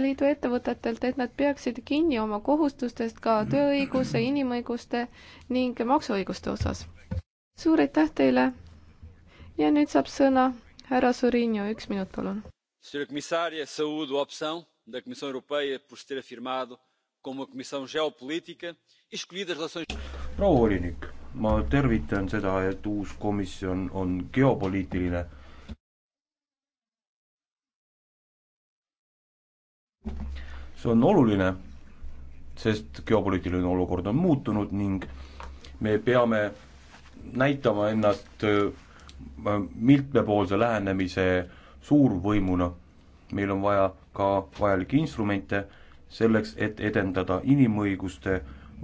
Liidu ettevõtetelt, et nad peaksid kinni oma kohustustest ka tööõiguse, inimõiguste ning maksuõiguste osas. suur aitäh teile ja nüüd saab sõna härra Sorinio, üks minut, palun. proua volinik, ma tervitan seda, et uus komisjon on geopoliitiline see on oluline, sest geopoliitiline olukord on muutunud ning me peame näitama ennast äh, mitmepoolse lähenemise suurvõimuna. meil on vaja ka vajalikke instrumente selleks, et edendada inimõiguste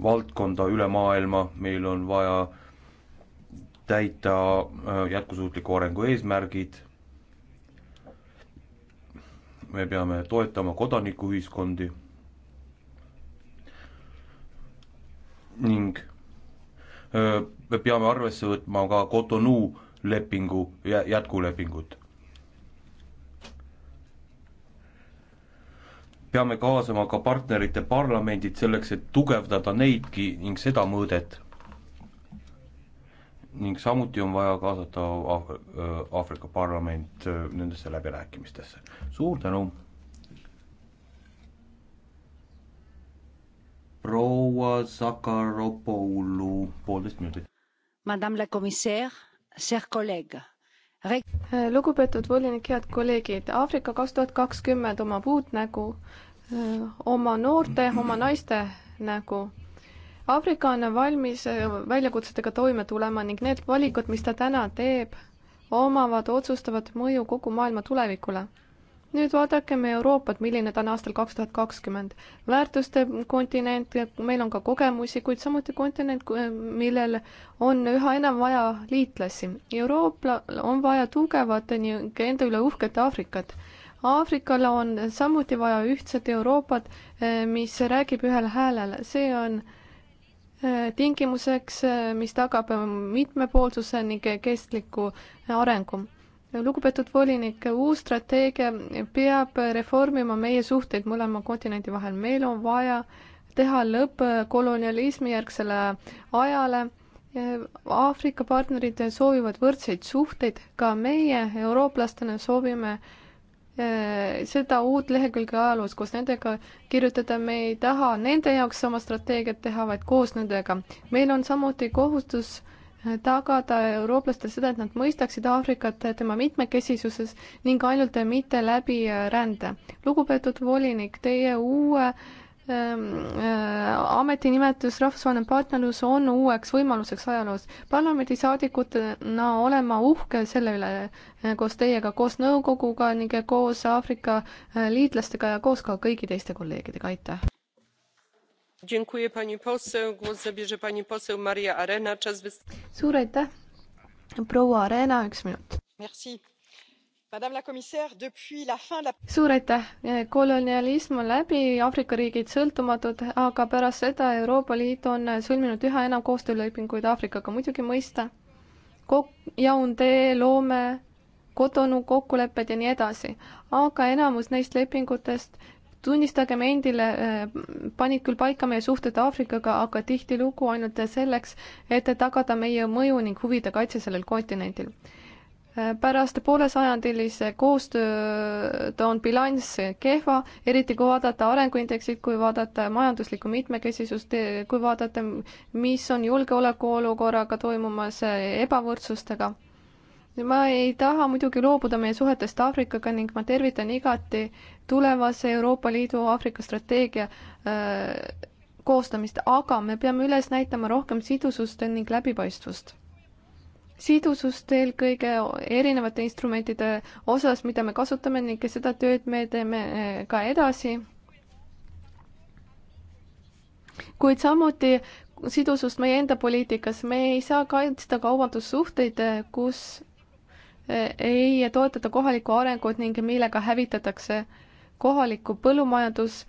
valdkonda üle maailma, meil on vaja täita äh, jätkusuutliku arengu eesmärgid me peame toetama kodanikuühiskondi ning me peame arvesse võtma ka Cotonou lepingu jä-, jätkulepingut. peame kaasama ka partnerite parlamendid selleks, et tugevdada neidki ning seda mõõdet ning samuti on vaja kaasata äh, Aafrika Parlament äh, nendesse läbirääkimistesse. suur tänu! proua Sakaropoulu, poolteist minutit. Madame la commissaire, chers collègues äh, lugupeetud volinik, head kolleegid, Aafrika kaks tuhat kakskümmend omab uut nägu, oma noorte, oma naiste nägu Aafrika on valmis äh, väljakutsetega toime tulema ning need valikud, mis ta täna teeb, omavad otsustavat mõju kogu maailma tulevikule. nüüd vaadakem Euroopat, milline ta on aastal kaks tuhat kakskümmend. väärtuste kontinent, meil on ka kogemusi, kuid samuti kontinent, millel on üha enam vaja liitlasi. Euroopal on vaja tugevat ning enda üle uhket Aafrikat Aafrikale on samuti vaja ühtset Euroopat, eh, mis räägib ühel häälel, see on tingimuseks, mis tagab mitmepoolsuse ning kestliku arengu. lugupeetud volinik, uus strateegia peab reformima meie suhteid mõlema kontinendi vahel, meil on vaja teha lõpp kolonialismi järgsele ajale. Aafrika partnerid soovivad võrdseid suhteid, ka meie, eurooplastena, soovime äh, Äh, seda uut lehekülge ajaloos, koos nendega kirjutada, me ei taha nende jaoks sama strateegiat teha, vaid koos nendega. meil on samuti kohustus äh, tagada eurooplastele seda, et nad mõistaksid Aafrikat tema mitmekesisuses ning ainult mitte läbi äh, rände. lugupeetud volinik, teie uue äh, Ehm, äh, ametinimetus rahvusvaheline partnerlus on uueks võimaluseks ajaloos. parlamendisaadikutena olema uhke selle üle äh, koos teiega, koos nõukoguga ning koos Aafrika äh, liitlastega ja koos ka kõigi teiste kolleegidega, aitäh! suur aitäh! proua Arena, üks minut suur aitäh, kolonialism on läbi, Aafrika riigid sõltumatud, aga pärast seda Euroopa Liit on sõlminud üha enam koostöölepinguid Aafrikaga, muidugi mõista. Kok-, Yaoundé, Loome, Cotonou kokkulepped ja nii edasi, aga enamus neist lepingutest tunnistagem endile, eh, panid küll paika meie suhted Aafrikaga, aga tihtilugu ainult selleks, et tagada meie mõju ning huvide kaitse sellel kontinendil pärast poolesajandilise koostööd on bilanss kehva, eriti kui vaadata arenguindeksit, kui vaadata majanduslikku mitmekesisust, kui vaadata, mis on julgeolekuolukorraga toimumas, ebavõrdsustega. ma ei taha muidugi loobuda meie suhetest Aafrikaga ning ma tervitan igati tulevase Euroopa Liidu Aafrika strateegia äh, koostamist, aga me peame üles näitama rohkem sidusust ning läbipaistvust sidusust eelkõige erinevate instrumentide osas, mida me kasutame ning seda tööd me teeme eh, ka edasi. kuid samuti sidusust meie enda poliitikas, me ei saa kaitsta kaubandussuhteid, eh, kus eh, ei toetata kohalikku arengut ning millega hävitatakse kohalikku põllumajandus-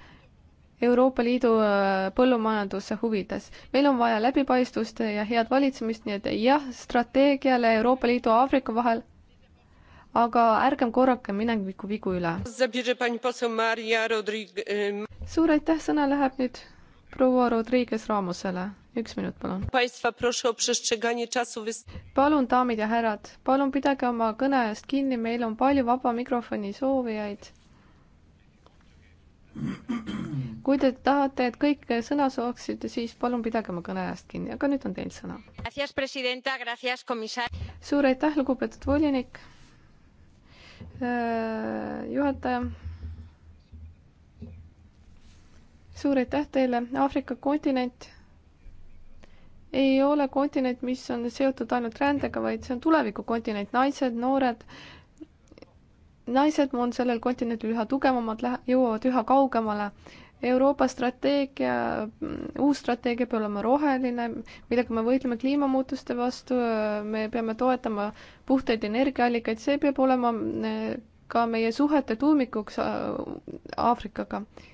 Euroopa Liidu äh, põllumajanduse huvides. meil on vaja läbipaistvust ja head valitsemist, nii et jah, strateegiale Euroopa Liidu Aafrika vahel, aga ärgem korrakem mineviku vigu üle. suur aitäh, sõna läheb nüüd proua Rodriguez Ramosele. üks minut, palun. palun, daamid ja härrad, palun pidage oma kõne eest kinni, meil on palju vaba mikrofoni soovijaid kui te tahate, et kõik sõna saaksid, siis palun pidage oma kõne ajast kinni, aga nüüd on teil sõna. suur aitäh, lugupeetud volinik, äh, juhataja. suur aitäh teile, Aafrika kontinent ei ole kontinent, mis on seotud ainult rändega, vaid see on tulevikukontinent, naised, noored naised on sellel kontinendil üha tugevamad, jõuavad üha kaugemale. Euroopa strateegia, uus strateegia peab olema roheline, millega me võitleme kliimamuutuste vastu, me peame toetama puhtaid energiaallikaid, see peab olema eh, ka meie suhete tuumikuks äh, Aafrikaga äh,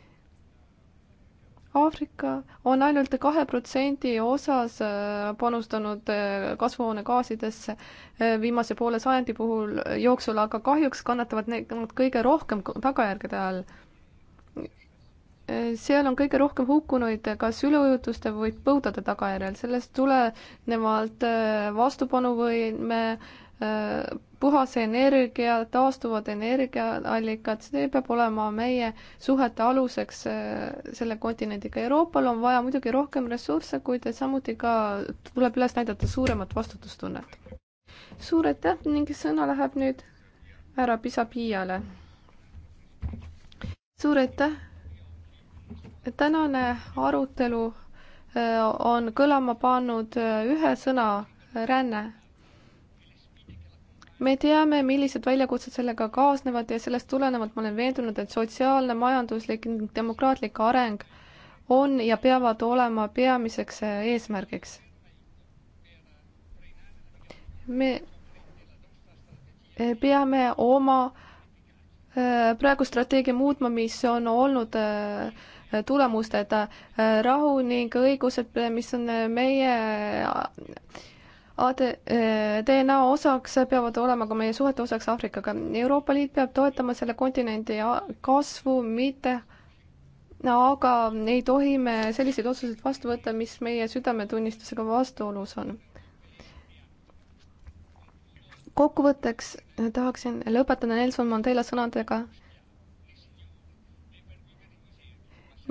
Aafrika on ainult kahe protsendi osas äh, panustanud äh, kasvuhoonegaasidesse äh, viimase poole sajandi puhul jooksul, aga kahjuks kannatavad need kõige rohkem tagajärgede all. seal on kõige rohkem hukkunuid kas üleujutuste või põudade tagajärjel, sellest tulenevalt vastupanuvõime puhas energia, taastuvad energiaallikad, see peab olema meie suhete aluseks äh, selle kontinendiga. Euroopal on vaja muidugi rohkem ressursse, kuid samuti ka tuleb üles näidata suuremat vastutustunnet. suur aitäh ning sõna läheb nüüd härra Pisapia-le. suur aitäh. tänane arutelu äh, on kõlama pannud äh, ühe sõna, ränne me teame, millised väljakutsed sellega kaasnevad ja sellest tulenevalt ma olen veendunud, et sotsiaalne, majanduslik ning demokraatlik areng on ja peavad olema peamiseks eh, eesmärgiks. me eh, peame oma eh, praegu strateegia muutma, mis on olnud tulemusteta rahu ning õigused, mis on meie AD, e, DNA osaks peavad olema ka meie suhete osaks Aafrikaga. Euroopa Liit peab toetama selle kontinendi kasvu, mitte no aga ei tohi me selliseid otsuseid vastu võtta, mis meie südametunnistusega vastuolus on. kokkuvõtteks tahaksin lõpetada Nelson Mandela sõnadega.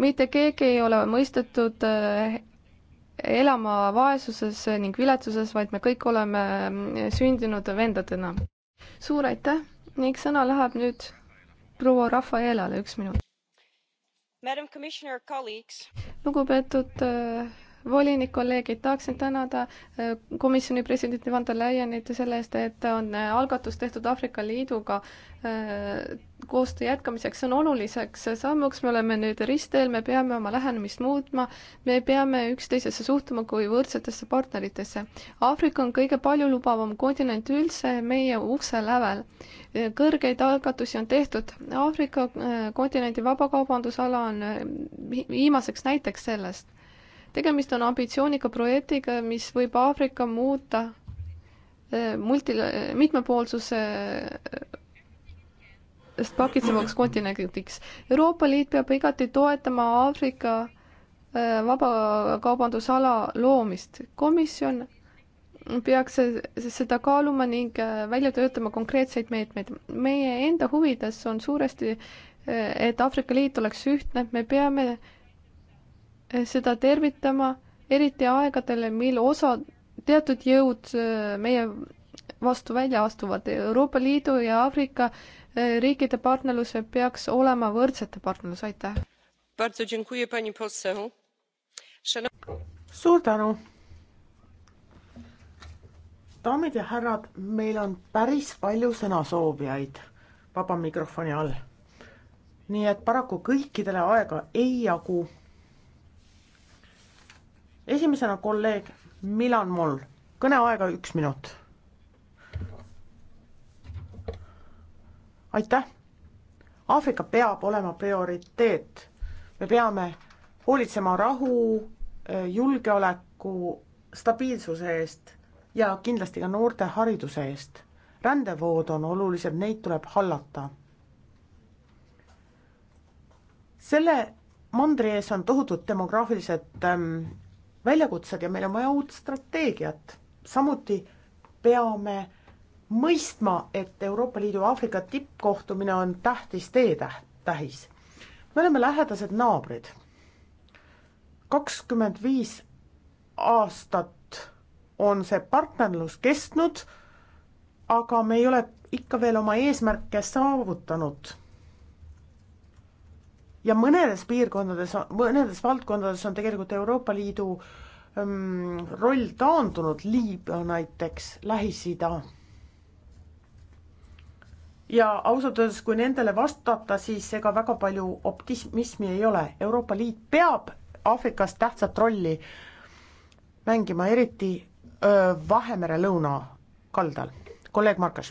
mitte keegi ei ole mõistetud e, elama vaesuses ning viletsuses, vaid me kõik oleme mm, sündinud vendadena. suur aitäh ning sõna läheb nüüd proua Rafaelale, üks minut. lugupeetud äh, volinik, kolleegid, tahaksin tänada äh, komisjoni presidenti Van der Leyenit selle eest, et on äh, algatus tehtud Aafrika Liiduga äh, koostöö jätkamiseks, see on oluliseks sammuks, me oleme nüüd ristteel, me peame oma lähenemist muutma, me peame üksteisesse suhtuma kui võrdsetesse partneritesse. Aafrika on kõige paljulubavam kontinent üldse meie ukse lävel. kõrgeid algatusi on tehtud, Aafrika kontinendi vabakaubandusala on viimaseks näiteks sellest tegemist on ambitsioonika projektiga, mis võib Aafrika muuta eh, multi, mitmepoolsuse sest eh, pakitsevaks kontinendiks. Euroopa Liit peab igati toetama Aafrika eh, vabakaubandusala loomist. komisjon peaks seda kaaluma ning välja töötama konkreetseid meetmeid. meie enda huvides on suuresti, et Aafrika Liit oleks ühtne, me peame Eh, seda tervitama, eriti aegadel, mil osa, teatud jõud eh, meie vastu välja astuvad. Euroopa Liidu ja Aafrika eh, riikide partnerluse peaks olema võrdsete partnerlus, aitäh! suur tänu! daamid ja härrad, meil on päris palju sõnasoovijaid vaba mikrofoni all. nii et paraku kõikidele aega ei jagu esimesena kolleeg Milan Moll, kõneaega üks minut. aitäh. Aafrika peab olema prioriteet. me peame hoolitsema rahu, eh, julgeoleku, stabiilsuse eest ja kindlasti ka noorte hariduse eest. rändevood on olulised, neid tuleb hallata. selle mandri ees on tohutud demograafilised ähm, väljakutsed ja meil on vaja uut strateegiat. samuti peame mõistma, et Euroopa Liidu Aafrika tippkohtumine on tähtis teetäht, tähis. me oleme lähedased naabrid. kakskümmend viis aastat on see partnerlus kestnud, aga me ei ole ikka veel oma eesmärke saavutanud ja mõnedes piirkondades, mõnedes valdkondades on tegelikult Euroopa Liidu ähm, roll taandunud, Liibüa näiteks, Lähis-Ida. ja ausalt öeldes, kui nendele vastata, siis ega väga palju optimismi ei ole, Euroopa Liit peab Aafrikas tähtsat rolli mängima, eriti öö, Vahemere lõunakaldal. kolleeg Markas.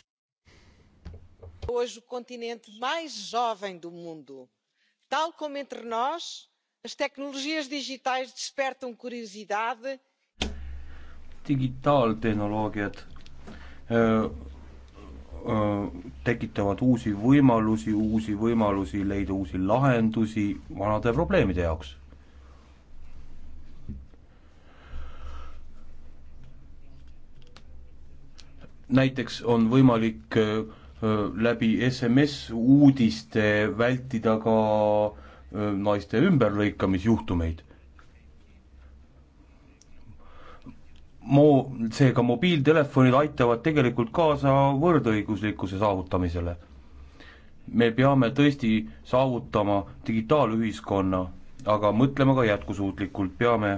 Hoje o continente mais jovem do mundo digitaaltehnoloogiad tekitavad uusi võimalusi, uusi võimalusi leida uusi lahendusi vanade probleemide jaoks. näiteks on võimalik läbi SMS-uudiste vältida ka naiste ümberlõikamisjuhtumeid. Mo-, seega mobiiltelefonid aitavad tegelikult kaasa võrdõiguslikkuse saavutamisele. me peame tõesti saavutama digitaalühiskonna, aga mõtlema ka jätkusuutlikult, peame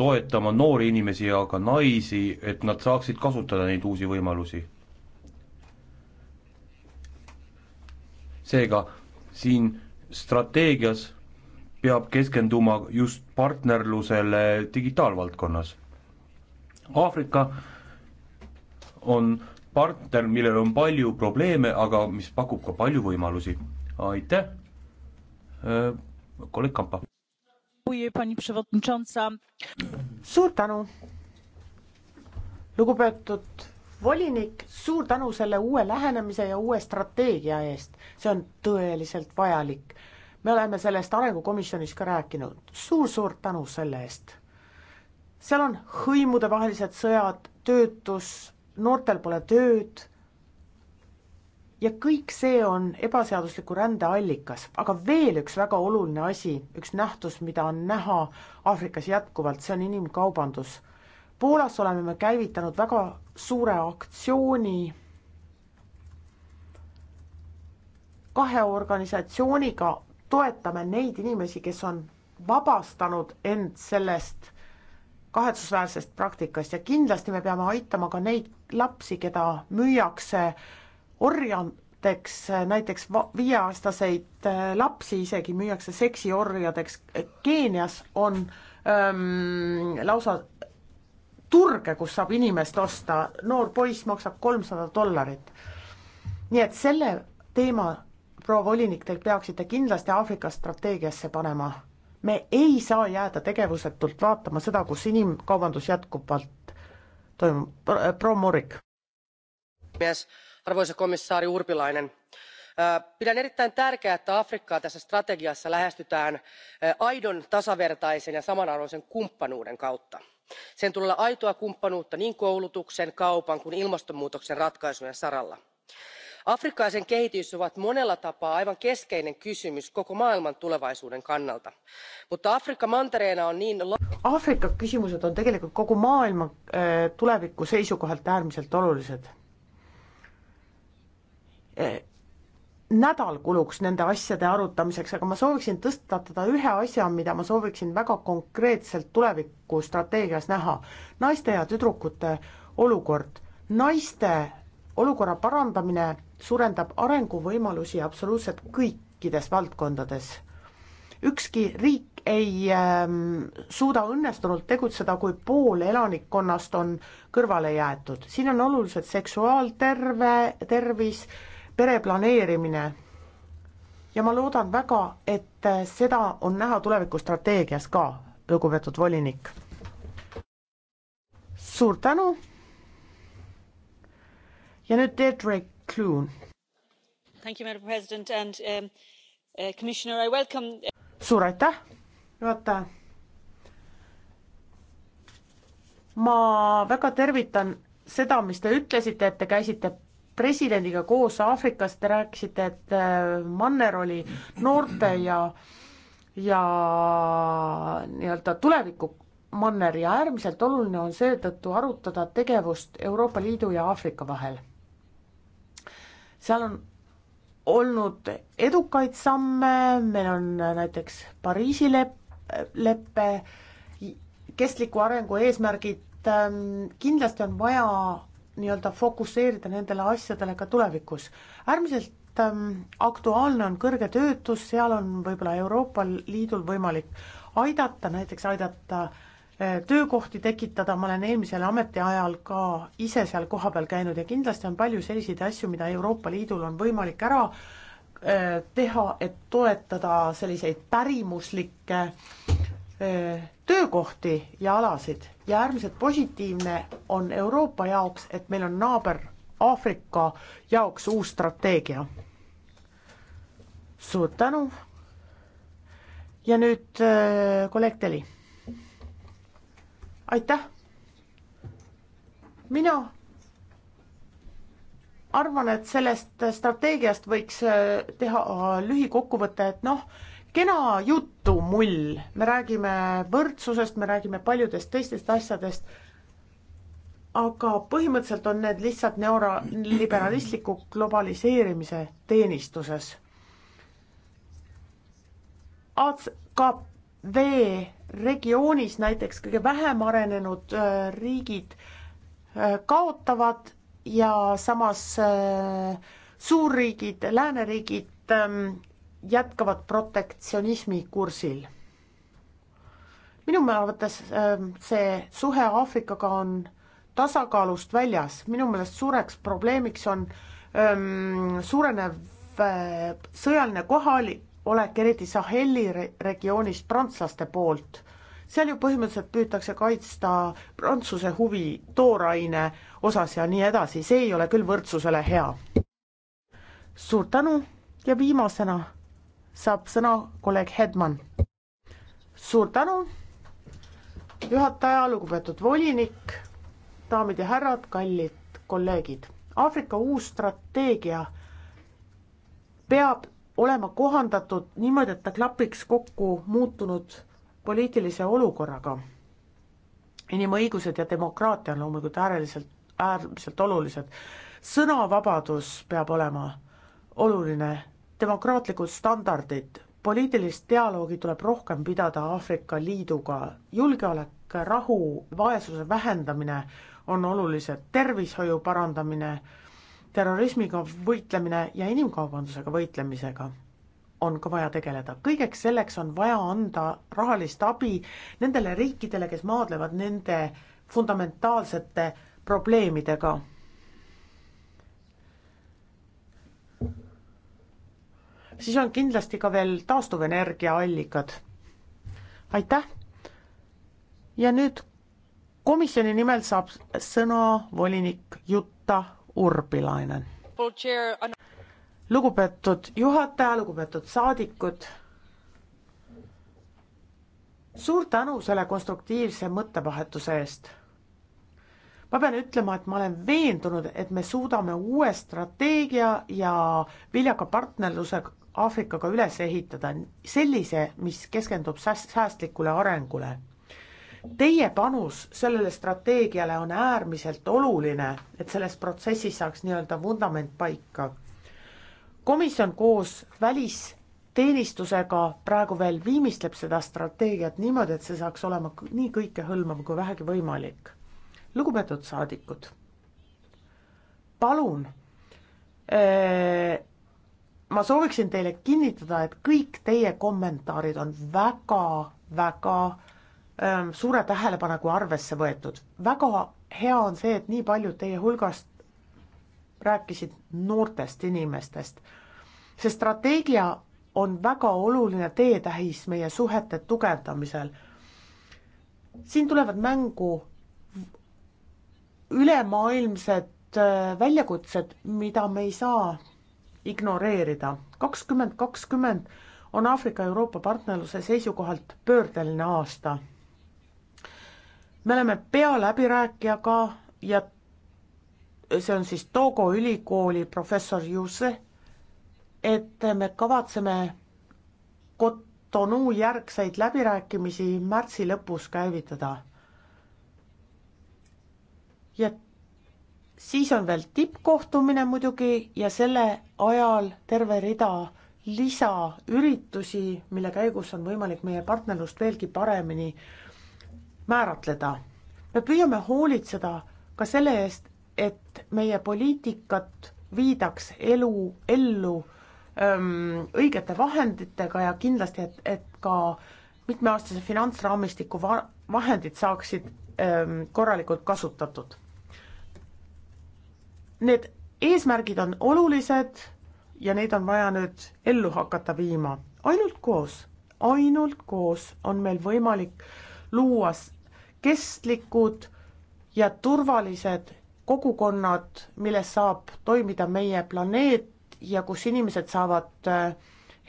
toetama noori inimesi ja ka naisi, et nad saaksid kasutada neid uusi võimalusi seega siin strateegias peab keskenduma just partnerlusele digitaalvaldkonnas. Aafrika on partner, millel on palju probleeme, aga mis pakub ka palju võimalusi. aitäh, äh, kolleeg Kampa. suur tänu, lugupeetud volinik, suur tänu selle uue lähenemise ja uue strateegia eest, see on tõeliselt vajalik. me oleme sellest Arengukomisjonis ka rääkinud suur,, suur-suur tänu selle eest. seal on hõimudevahelised sõjad, töötus, noortel pole tööd ja kõik see on ebaseadusliku rände allikas, aga veel üks väga oluline asi, üks nähtus, mida on näha Aafrikas jätkuvalt, see on inimkaubandus Poolas oleme me käivitanud väga suure aktsiooni kahe organisatsiooniga toetame neid inimesi, kes on vabastanud end sellest kahetsusväärsest praktikast ja kindlasti me peame aitama ka neid lapsi, keda müüakse orjadeks, näiteks viieaastaseid äh, lapsi isegi müüakse seksiorjadeks. Keenias on öö, ähm, lausa turge, kus saab inimest osta, noor poiss maksab kolmsada dollarit. nii et selle teema, proua volinik, te peaksite kindlasti Aafrika strateegiasse panema. me ei saa jääda tegevusetult vaatama seda, kus inimkaubandus jätkuvalt toimub, äh, proua Murik. arvoisa komissaari Urpilainen äh, pidän erittäin tärkeänä että afrikkaa tässä strategiassa lähestytään äh, aidon tasavertaisen ja samanarvoisen kumppanuuden kautta sen tulee olla aitoa kumppanuutta niin koulutuksen kaupan kuin ilmastonmuutoksen ratkaisujen saralla. afrikka ja sen kehitys ovat monella tapaa aivan keskeinen kysymys koko maailman tulevaisuuden kannalta mutta afrikka mantereena on niin. Aafrika kysymykset on tegelikult kogu maailma äh, tuleviku seisukohalt äärmiselt olulised äh, nädal kuluks nende asjade arutamiseks, aga ma sooviksin tõstatada ühe asja, mida ma sooviksin väga konkreetselt tulevikustrateegias näha. naiste ja tüdrukute olukord, naiste olukorra parandamine suurendab arenguvõimalusi absoluutselt kõikides valdkondades. ükski riik ei ähm, suuda õnnestunult tegutseda, kui pool elanikkonnast on kõrvale jäetud. siin on olulised seksuaalterve, tervis äh,, pereplaneerimine ja ma loodan väga, et seda on näha tulevikustrateegias ka, lugupeetud volinik. suur tänu. ja nüüd Deirdre Clune. Um, uh, uh, suur aitäh, juhataja. ma väga tervitan seda, mis te ütlesite, et te käisite presidendiga koos Aafrikast, te rääkisite, et äh, Manner oli noorte ja ja nii-öelda tuleviku manner ja äärmiselt oluline on seetõttu arutada tegevust Euroopa Liidu ja Aafrika vahel. seal on olnud edukaid samme, meil on näiteks Pariisi lep-, leppe, kestliku arengu eesmärgid, ähm, kindlasti on vaja nii-öelda fokusseerida nendele asjadele ka tulevikus. äärmiselt ähm, aktuaalne on kõrge töötus, seal on võib-olla Euroopa Liidul võimalik aidata, näiteks aidata äh, töökohti tekitada, ma olen eelmisel ametiajal ka ise seal kohapeal käinud ja kindlasti on palju selliseid asju, mida Euroopa Liidul on võimalik ära äh, teha, et toetada selliseid pärimuslikke äh, töökohti ja alasid ja äärmiselt positiivne on Euroopa jaoks, et meil on naaber Aafrika jaoks uus strateegia. suur tänu. ja nüüd kolleeg Teli. aitäh. mina arvan, et sellest strateegiast võiks teha lühikokkuvõte, et noh, kena juttu, mull, me räägime võrdsusest, me räägime paljudest teistest asjadest, aga põhimõtteliselt on need lihtsalt neoliberalistliku globaliseerimise teenistuses. AKV regioonis näiteks kõige vähem arenenud äh, riigid äh, kaotavad ja samas äh, suurriigid, lääneriigid ähm, jätkavad protektsionismi kursil. minu arvates ähm, see suhe Aafrikaga on tasakaalust väljas, minu meelest suureks probleemiks on öö, ähm, suurenev äh, sõjaline kohalolek, eriti Saheli re regioonis prantslaste poolt. seal ju põhimõtteliselt püütakse kaitsta Prantsuse huvi tooraine osas ja nii edasi, see ei ole küll võrdsusele hea. suur tänu ja viimasena saab sõna kolleeg Hedman. suur tänu, juhataja, lugupeetud volinik, daamid ja härrad, kallid kolleegid. Aafrika uus strateegia peab olema kohandatud niimoodi, et ta klapiks kokku muutunud poliitilise olukorraga. inimõigused ja demokraatia on loomulikult äärmiselt, äärmiselt olulised. sõnavabadus peab olema oluline demokraatlikud standardid, poliitilist dialoogi tuleb rohkem pidada Aafrika Liiduga, julgeolek, rahu, vaesuse vähendamine on olulised, tervishoiu parandamine, terrorismiga võitlemine ja inimkaubandusega võitlemisega on ka vaja tegeleda. kõigeks selleks on vaja anda rahalist abi nendele riikidele, kes maadlevad nende fundamentaalsete probleemidega siis on kindlasti ka veel taastuvenergia allikad. aitäh! ja nüüd komisjoni nimel saab sõna volinik Jutta Urbilainen. lugupeetud juhataja, lugupeetud saadikud, suur tänu selle konstruktiivse mõttevahetuse eest ma pean ütlema, et ma olen veendunud, et me suudame uue strateegia ja viljaka partnerluse Aafrikaga üles ehitada sellise, mis keskendub säästlikule arengule. Teie panus sellele strateegiale on äärmiselt oluline, et selles protsessis saaks nii-öelda vundament paika. komisjon koos välisteenistusega praegu veel viimistleb seda strateegiat niimoodi, et see saaks olema nii kõikehõlmav kui vähegi võimalik. lugupeetud saadikud, palun öö, äh, ma sooviksin teile kinnitada, et kõik teie kommentaarid on väga-väga ähm, suure tähelepaneku arvesse võetud. väga hea on see, et nii paljud teie hulgast rääkisid noortest inimestest. see strateegia on väga oluline teetähis meie suhete tugevdamisel. siin tulevad mängu ülemaailmsed äh, väljakutsed, mida me ei saa ignoreerida. kakskümmend kakskümmend on Aafrika-Euroopa partnerluse seisukohalt pöördeline aasta. me oleme pealäbirääkijaga ja see on siis Togo ülikooli professor Juse, et me kavatseme Cotonou järgseid läbirääkimisi märtsi lõpus käivitada. ja siis on veel tippkohtumine muidugi ja selle ajal terve rida lisaüritusi, mille käigus on võimalik meie partnerlust veelgi paremini määratleda. me püüame hoolitseda ka selle eest, et meie poliitikat viidaks elu, ellu öm, ähm, õigete vahenditega ja kindlasti, et, et ka mitmeaastase finantsraamistiku va-, vahendid saaksid öm, ähm, korralikult kasutatud Need eesmärgid on olulised ja neid on vaja nüüd ellu hakata viima. ainult koos, ainult koos on meil võimalik luua kestlikud ja turvalised kogukonnad, milles saab toimida meie planeet ja kus inimesed saavad äh,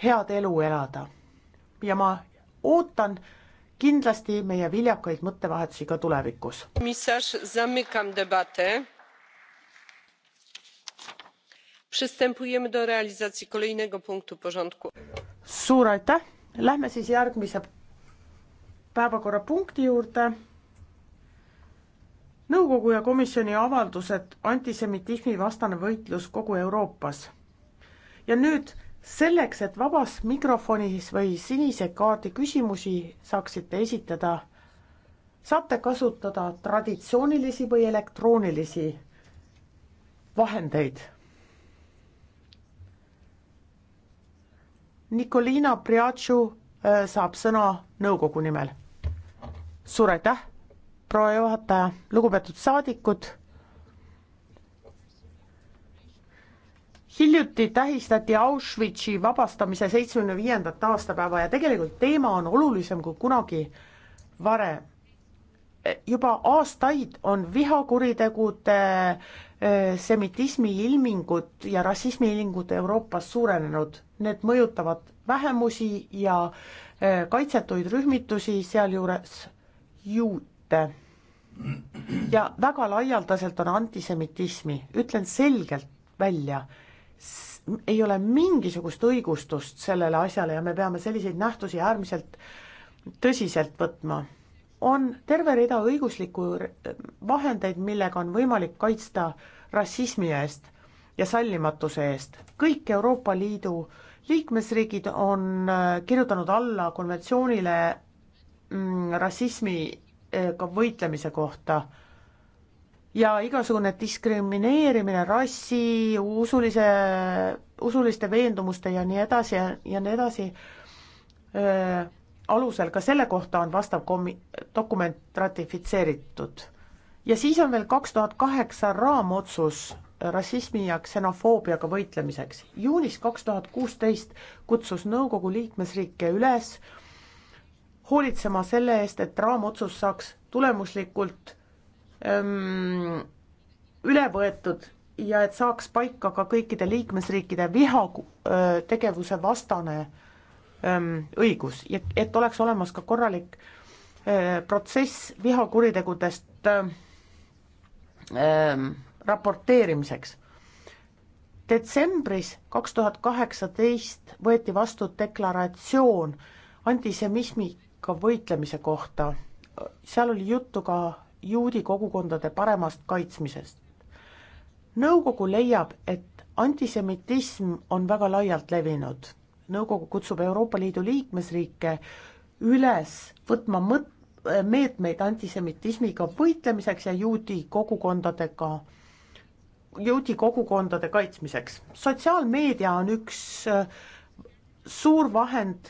head elu elada. ja ma ootan kindlasti meie viljakaid mõttevahetusi ka tulevikus przystępujemy do realizacji kolejnego punktu porządku. suur aitäh, lähme siis järgmise päevakorrapunkti juurde. nõukogu ja komisjoni avaldused antisemitismi vastane võitlus kogu Euroopas. ja nüüd selleks, et vabas mikrofonis või sinise kaardi küsimusi saaksite esitada, saate kasutada traditsioonilisi või elektroonilisi vahendeid Nikolina Priatšu äh, saab sõna nõukogu nimel. suur aitäh, proua juhataja, lugupeetud saadikud. hiljuti tähistati Auschwitzi vabastamise seitsmekümne viiendat aastapäeva ja tegelikult teema on olulisem kui kunagi varem. E, juba aastaid on vihakuritegude, e, semitismi ilmingud ja rassismi ilmingud Euroopas suurenenud need mõjutavad vähemusi ja eh, kaitsetuid rühmitusi, sealjuures juute. ja väga laialdaselt on antisemitismi, ütlen selgelt välja, ei ole mingisugust õigustust sellele asjale ja me peame selliseid nähtusi äärmiselt tõsiselt võtma. on terve rida õiguslikku vahendeid, millega on võimalik kaitsta rassismi eest ja sallimatuse eest. kõik Euroopa Liidu äh, liikmesriigid on äh, kirjutanud alla konventsioonile mm, rassismiga äh, võitlemise kohta ja igasugune diskrimineerimine rassi, usulise, usuliste veendumuste ja nii edasi ja, ja nii edasi öö, äh, alusel, ka selle kohta on vastav komi-, dokument ratifitseeritud. ja siis on veel kaks tuhat kaheksa raamotsus rassismi ja ksenofoobiaga võitlemiseks. juulis kaks tuhat kuusteist kutsus nõukogu liikmesriike üles hoolitsema selle eest, et raamotsus saaks tulemuslikult öm, ähm, üle võetud ja et saaks paika ka kõikide liikmesriikide vihategevuse äh, vastane öm, ähm, õigus ja et oleks olemas ka korralik öö, äh, protsess vihakuritegudest öö, äh, öö, ähm, raporteerimiseks. detsembris kaks tuhat kaheksateist võeti vastu deklaratsioon antisemismiga võitlemise kohta. seal oli juttu ka juudi kogukondade paremast kaitsmisest. nõukogu leiab, et antisemitism on väga laialt levinud. nõukogu kutsub Euroopa Liidu liikmesriike üles võtma mõt-, meetmeid antisemitismiga võitlemiseks ja juudi kogukondadega jõuti kogukondade kaitsmiseks. sotsiaalmeedia on üks äh, suur vahend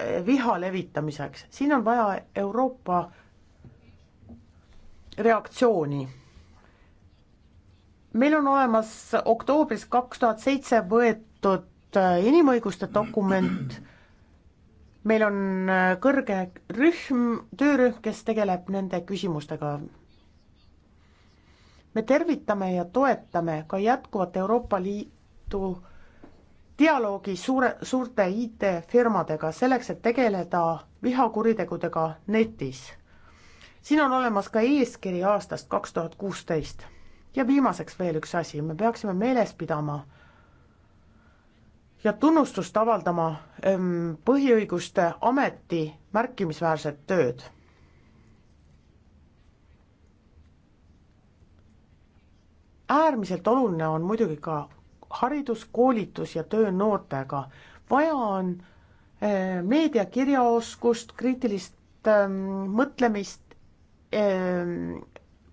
äh, viha levitamiseks, siin on vaja Euroopa reaktsiooni. meil on olemas oktoobris kaks tuhat seitse võetud äh, inimõiguste dokument, meil on kõrge rühm, töörühm, kes tegeleb nende küsimustega me tervitame ja toetame ka jätkuvat Euroopa Liidu dialoogi suure, suurte IT-firmadega selleks, et tegeleda vihakuritegudega netis. siin on olemas ka eeskiri aastast kaks tuhat kuusteist. ja viimaseks veel üks asi, me peaksime meeles pidama ja tunnustust avaldama ehm, põhiõiguste ameti märkimisväärset tööd äärmiselt oluline on muidugi ka haridus, koolitus ja töö noortega. vaja on eh, meediakirjaoskust, kriitilist eh, mõtlemist eh,,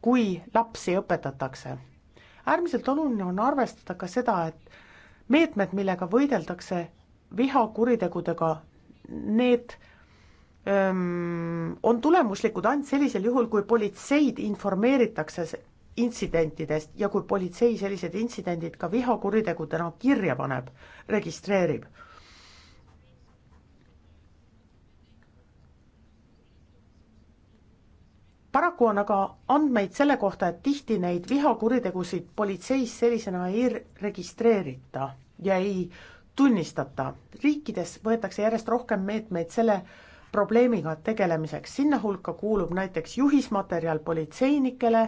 kui lapsi õpetatakse. äärmiselt oluline on arvestada ka seda, et meetmed, millega võideldakse vihakuritegudega, need öö, ehm, on tulemuslikud ainult sellisel juhul, kui politseid informeeritakse intsidentidest ja kui politsei sellised intsidendid ka vihakuritegudena noh, kirja paneb, registreerib. paraku on aga andmeid selle kohta, et tihti neid vihakuritegusid politseis sellisena ei registreerita ja ei tunnistata. riikides võetakse järjest rohkem meetmeid selle probleemiga tegelemiseks, sinna hulka kuulub näiteks juhismaterjal politseinikele,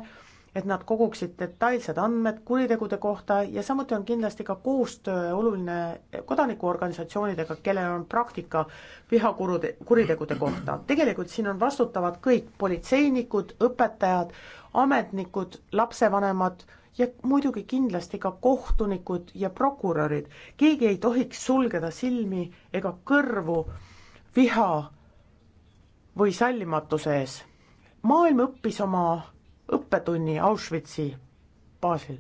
et nad koguksid detailsed andmed kuritegude kohta ja samuti on kindlasti ka koostöö oluline kodanikuorganisatsioonidega, kellel on praktika vihakurude, kuritegude kohta. tegelikult siin on vastutavad kõik politseinikud, õpetajad, ametnikud, lapsevanemad ja muidugi kindlasti ka kohtunikud ja prokurörid. keegi ei tohiks sulgeda silmi ega kõrvu viha või sallimatuse ees. maailm õppis oma õppetunni Auschwitzi baasil.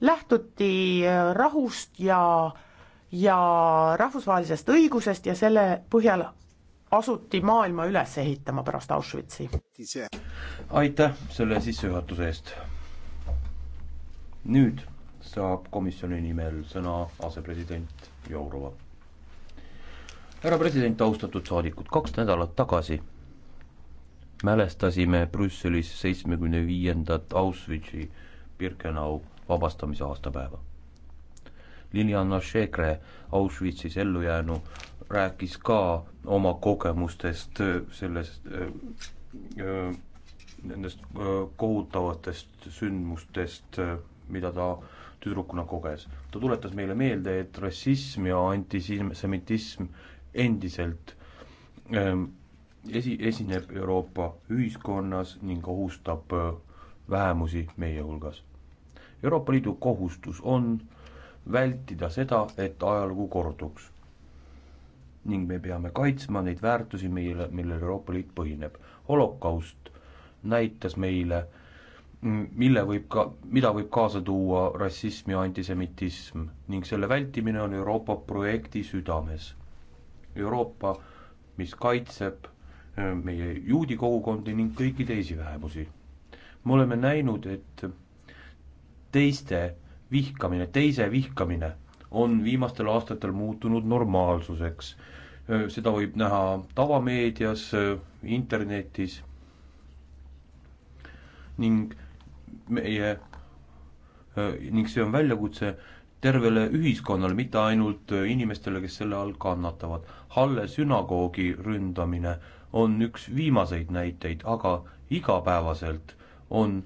lähtuti äh, rahust ja, ja rahvusvahelisest õigusest ja selle põhjal asuti maailma üles ehitama pärast Auschwitzi. aitäh selle sissejuhatuse eest. nüüd saab komisjoni nimel sõna asepresident Jourova. härra president, austatud saadikud, kaks nädalat tagasi mälestasime Brüsselis seitsmekümne viiendat Auschwitzi Birkenau vabastamise aastapäeva. Liliana Šegre, Auschwitzis ellujäänu, rääkis ka oma kogemustest äh, sellest, äh, äh, nendest kohutavatest sündmustest, mida ta tüdrukuna koges. ta tuletas meile meelde, et rassism ja antisemitism endiselt ähm, esi, esineb Euroopa ühiskonnas ning ohustab äh, vähemusi meie hulgas. Euroopa Liidu kohustus on vältida seda, et ajalugu korduks. ning me peame kaitsma neid väärtusi, mille, millel Euroopa Liit põhineb. holokaust näitas meile, mille võib ka, mida võib kaasa tuua rassism ja antisemitism ning selle vältimine on Euroopa projekti südames. Euroopa, mis kaitseb Äh, meie juudi kogukondi ning kõiki teisi vähemusi. me oleme näinud, et teiste vihkamine, teise vihkamine on viimastel aastatel muutunud normaalsuseks. Äh, seda võib näha tavameedias, äh, internetis ning meie, ning see on väljakutse tervele ühiskonnale, mitte ainult inimestele, kes selle all kannatavad. Halle sünagoogi ründamine on üks viimaseid näiteid, aga igapäevaselt on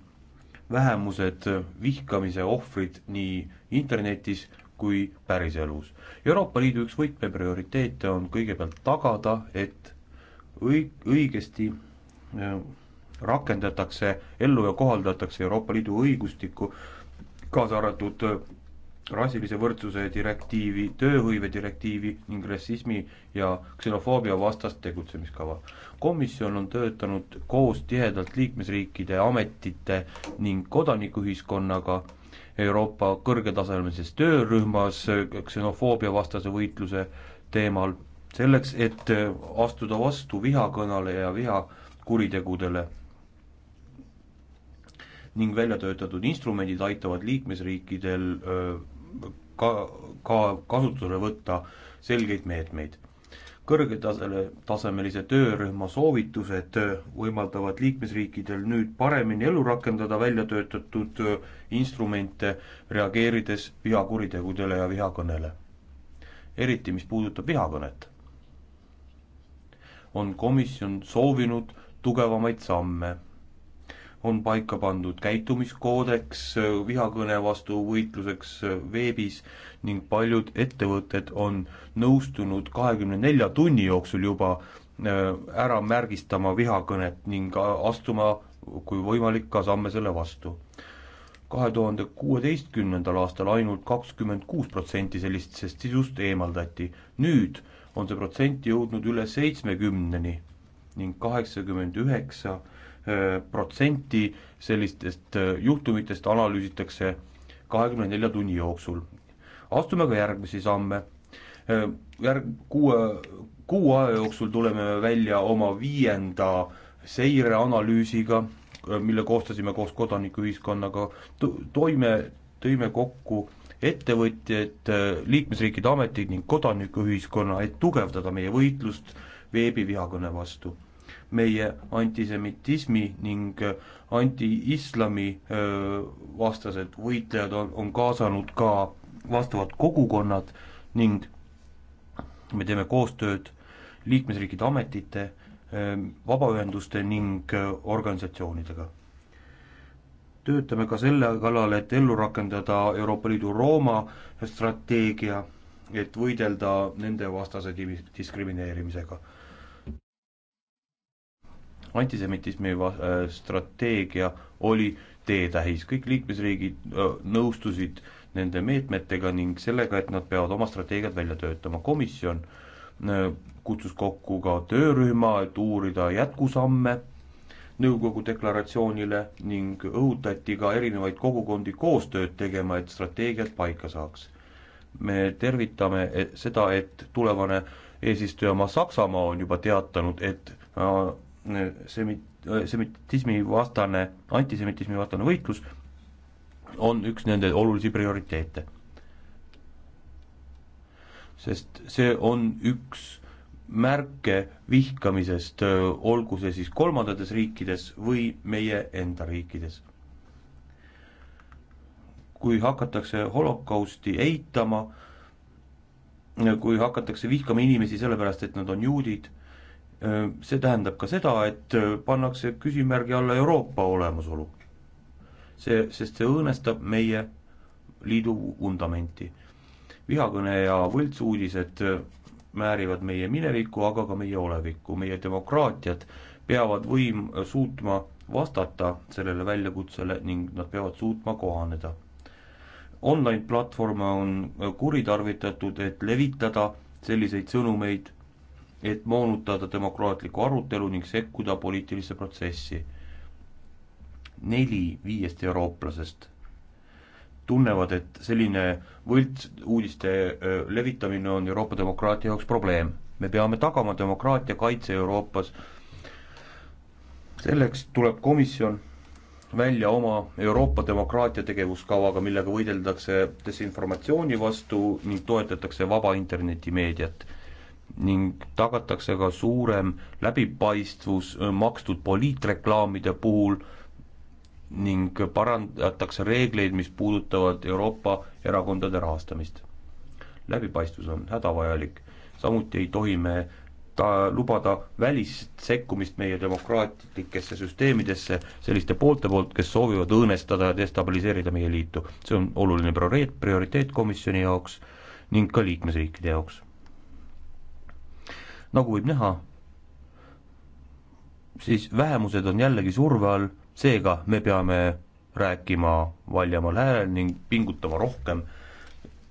vähemused vihkamise ohvrid nii internetis kui päriselus. Euroopa Liidu üks võtmeprioriteete on kõigepealt tagada, et õig-, õigesti äh, rakendatakse ellu ja kohaldatakse Euroopa Liidu õigustikku, kaasa arvatud äh, rassilise võrdsuse direktiivi, tööhõive direktiivi ning rassismi ja ksenofoobia vastast tegutsemiskava. komisjon on töötanud koos tihedalt liikmesriikide ametite ning kodanikuühiskonnaga Euroopa kõrgetasemelises töörühmas ksenofoobia vastase võitluse teemal, selleks et astuda vastu vihakõnele ja vihakuritegudele ning välja töötatud instrumendid aitavad liikmesriikidel öö, ka, ka kasutusele võtta selgeid meetmeid. kõrgetasele, tasemelise töörühma soovitused võimaldavad liikmesriikidel nüüd paremini ellu rakendada välja töötatud instrumente, reageerides vihakuritegudele ja vihakõnele. eriti, mis puudutab vihakõnet. on komisjon soovinud tugevamaid samme on paika pandud käitumiskoodeks vihakõne vastu võitluseks veebis ning paljud ettevõtted on nõustunud kahekümne nelja tunni jooksul juba äh, ära märgistama vihakõnet ning astuma, kui võimalik, ka samme selle vastu. kahe tuhande kuueteistkümnendal aastal ainult kakskümmend kuus protsenti sellistest sisust eemaldati. nüüd on see protsent jõudnud üle seitsmekümneni ning kaheksakümmend üheksa protsenti sellistest äh, juhtumitest analüüsitakse kahekümne nelja tunni jooksul. astume ka järgmisi samme. Äh, järg-, kuue, kuu aja jooksul tuleme välja oma viienda seireanalüüsiga, äh, mille koostasime koos kodanikuühiskonnaga, toime, tõime kokku ettevõtjaid, liikmesriikide ametid ning kodanikuühiskonna, et tugevdada meie võitlust veebivihakõne vastu meie antisemitismi ning anti-islami vastased võitlejad on, on kaasanud ka vastavad kogukonnad ning me teeme koostööd liikmesriikide ametite, vabaühenduste ning organisatsioonidega. töötame ka selle kallal, et ellu rakendada Euroopa Liidu Rooma strateegia, et võidelda nende vastase diskrimineerimisega antisemitismi äh, strateegia oli teetähis, kõik liikmesriigid äh, nõustusid nende meetmetega ning sellega, et nad peavad oma strateegiad välja töötama. komisjon äh, kutsus kokku ka töörühma, et uurida jätkusamme nõukogu deklaratsioonile ning õhutati ka erinevaid kogukondi koostööd tegema, et strateegiad paika saaks. me tervitame et seda, et tulevane eesistujamaa Saksamaa on juba teatanud, et semit-, semitismi vastane, antisemitismi vastane võitlus on üks nende olulisi prioriteete. sest see on üks märke vihkamisest, olgu see siis kolmandates riikides või meie enda riikides. kui hakatakse holokausti eitama, kui hakatakse vihkama inimesi sellepärast, et nad on juudid, Äh, see tähendab ka seda, et äh, pannakse küsimärgi alla Euroopa olemasolu. see, sest see õõnestab meie liidu vundamenti. vihakõne ja võltsuudised äh, määrivad meie minevikku, aga ka meie olevikku, meie demokraatiad peavad võim suutma vastata sellele väljakutsele ning nad peavad suutma kohaneda. Online platvorme on kuritarvitatud, et levitada selliseid sõnumeid, et moonutada demokraatlikku arutelu ning sekkuda poliitilisse protsessi. neli viiest eurooplasest tunnevad, et selline võltsuudiste levitamine on Euroopa demokraatia jaoks probleem. me peame tagama demokraatia kaitse Euroopas. selleks tuleb komisjon välja oma Euroopa demokraatia tegevuskavaga, millega võideldakse desinformatsiooni vastu ning toetatakse vaba internetimeediat ning tagatakse ka suurem läbipaistvus äh, makstud poliitreklaamide puhul ning parandatakse reegleid, mis puudutavad Euroopa erakondade rahastamist. läbipaistvus on hädavajalik, samuti ei tohi me ta lubada välist sekkumist meie demokraatlikesse süsteemidesse selliste poolte poolt, kes soovivad õõnestada ja destabiliseerida meie liitu. see on oluline prioriteet komisjoni jaoks ning ka liikmesriikide jaoks nagu võib näha, siis vähemused on jällegi surve all, seega me peame rääkima valjamal häälel ning pingutama rohkem,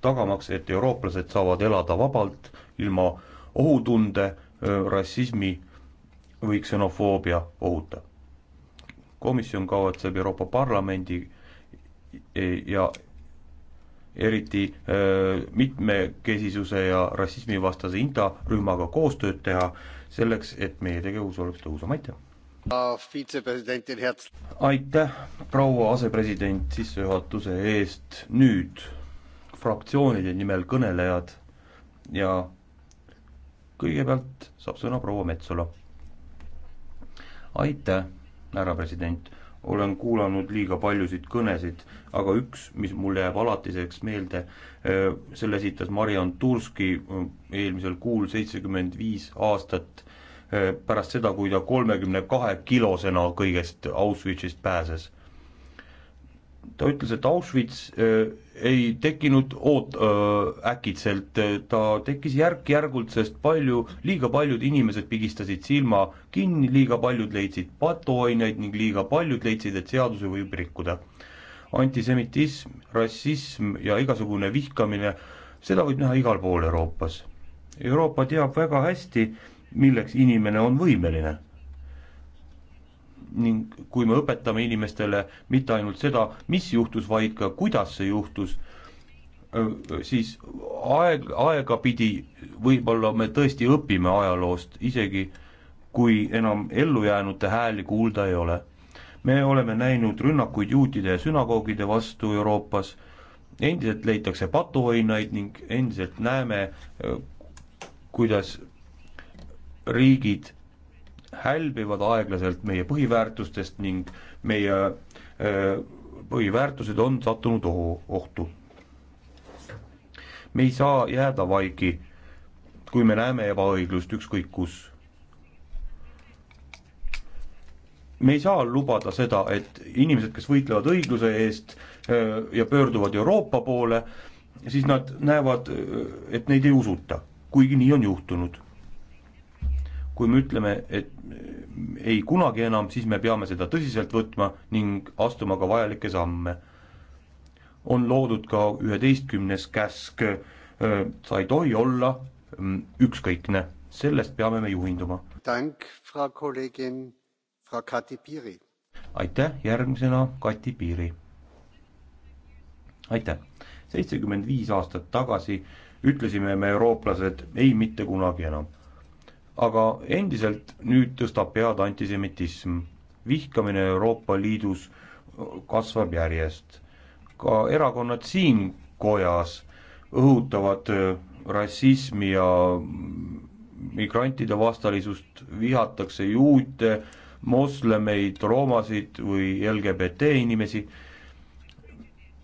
tagamaks, et eurooplased saavad elada vabalt, ilma ohutunde, rassismi või ksenofoobia ohuta. komisjon kavatseb Euroopa Parlamendi e, ja eriti mitmekesisuse ja rassismivastase INTA rühmaga koostööd teha, selleks et meie tegevus oleks tõhusam, aitäh! aitäh, proua asepresident, sissejuhatuse eest, nüüd fraktsioonide nimel kõnelejad ja kõigepealt saab sõna proua Metsola. aitäh, härra president olen kuulanud liiga paljusid kõnesid, aga üks, mis mul jääb alatiseks meelde, selle esitas Mariann Turski eelmisel kuul seitsekümmend viis aastat pärast seda, kui ta kolmekümne kahe kilosena kõigest Auschwitzist pääses ta ütles, et Auschwitz äh, ei tekkinud oot-, äh, äkitselt, ta tekkis järk-järgult, sest palju, liiga paljud inimesed pigistasid silma kinni, liiga paljud leidsid patuoineid ning liiga paljud leidsid, et seadusi võib rikkuda. antisemitism, rassism ja igasugune vihkamine, seda võib näha igal pool Euroopas. Euroopa teab väga hästi, milleks inimene on võimeline ning kui me õpetame inimestele mitte ainult seda, mis juhtus, vaid ka kuidas see juhtus, siis aeg, aegapidi võib-olla me tõesti õpime ajaloost, isegi kui enam ellujäänute hääli kuulda ei ole. me oleme näinud rünnakuid juutide ja sünagoogide vastu Euroopas, endiselt leitakse patuoinaid ning endiselt näeme, kuidas riigid hälbivad aeglaselt meie põhiväärtustest ning meie öö, äh, põhiväärtused on sattunud ohu, ohtu. me ei saa jääda vaiki, kui me näeme ebaõiglust ükskõik kus. me ei saa lubada seda, et inimesed, kes võitlevad õigluse eest öö, äh, ja pöörduvad Euroopa poole, siis nad näevad, äh, et neid ei usuta, kuigi nii on juhtunud kui me ütleme, et eh, ei kunagi enam, siis me peame seda tõsiselt võtma ning astuma ka vajalikke samme. on loodud ka üheteistkümnes käsk, eh, sa ei tohi olla mm, ükskõikne, sellest peame me juhinduma. aitäh, järgmisena Kati Piiri. aitäh, seitsekümmend viis aastat tagasi ütlesime me, eurooplased, ei mitte kunagi enam aga endiselt nüüd tõstab pead antisemitism. vihkamine Euroopa Liidus kasvab järjest. ka erakonnad siin kojas õhutavad äh, rassismi ja migrantide vastalisust, vihatakse juute, moslemeid, roomasid või LGBT inimesi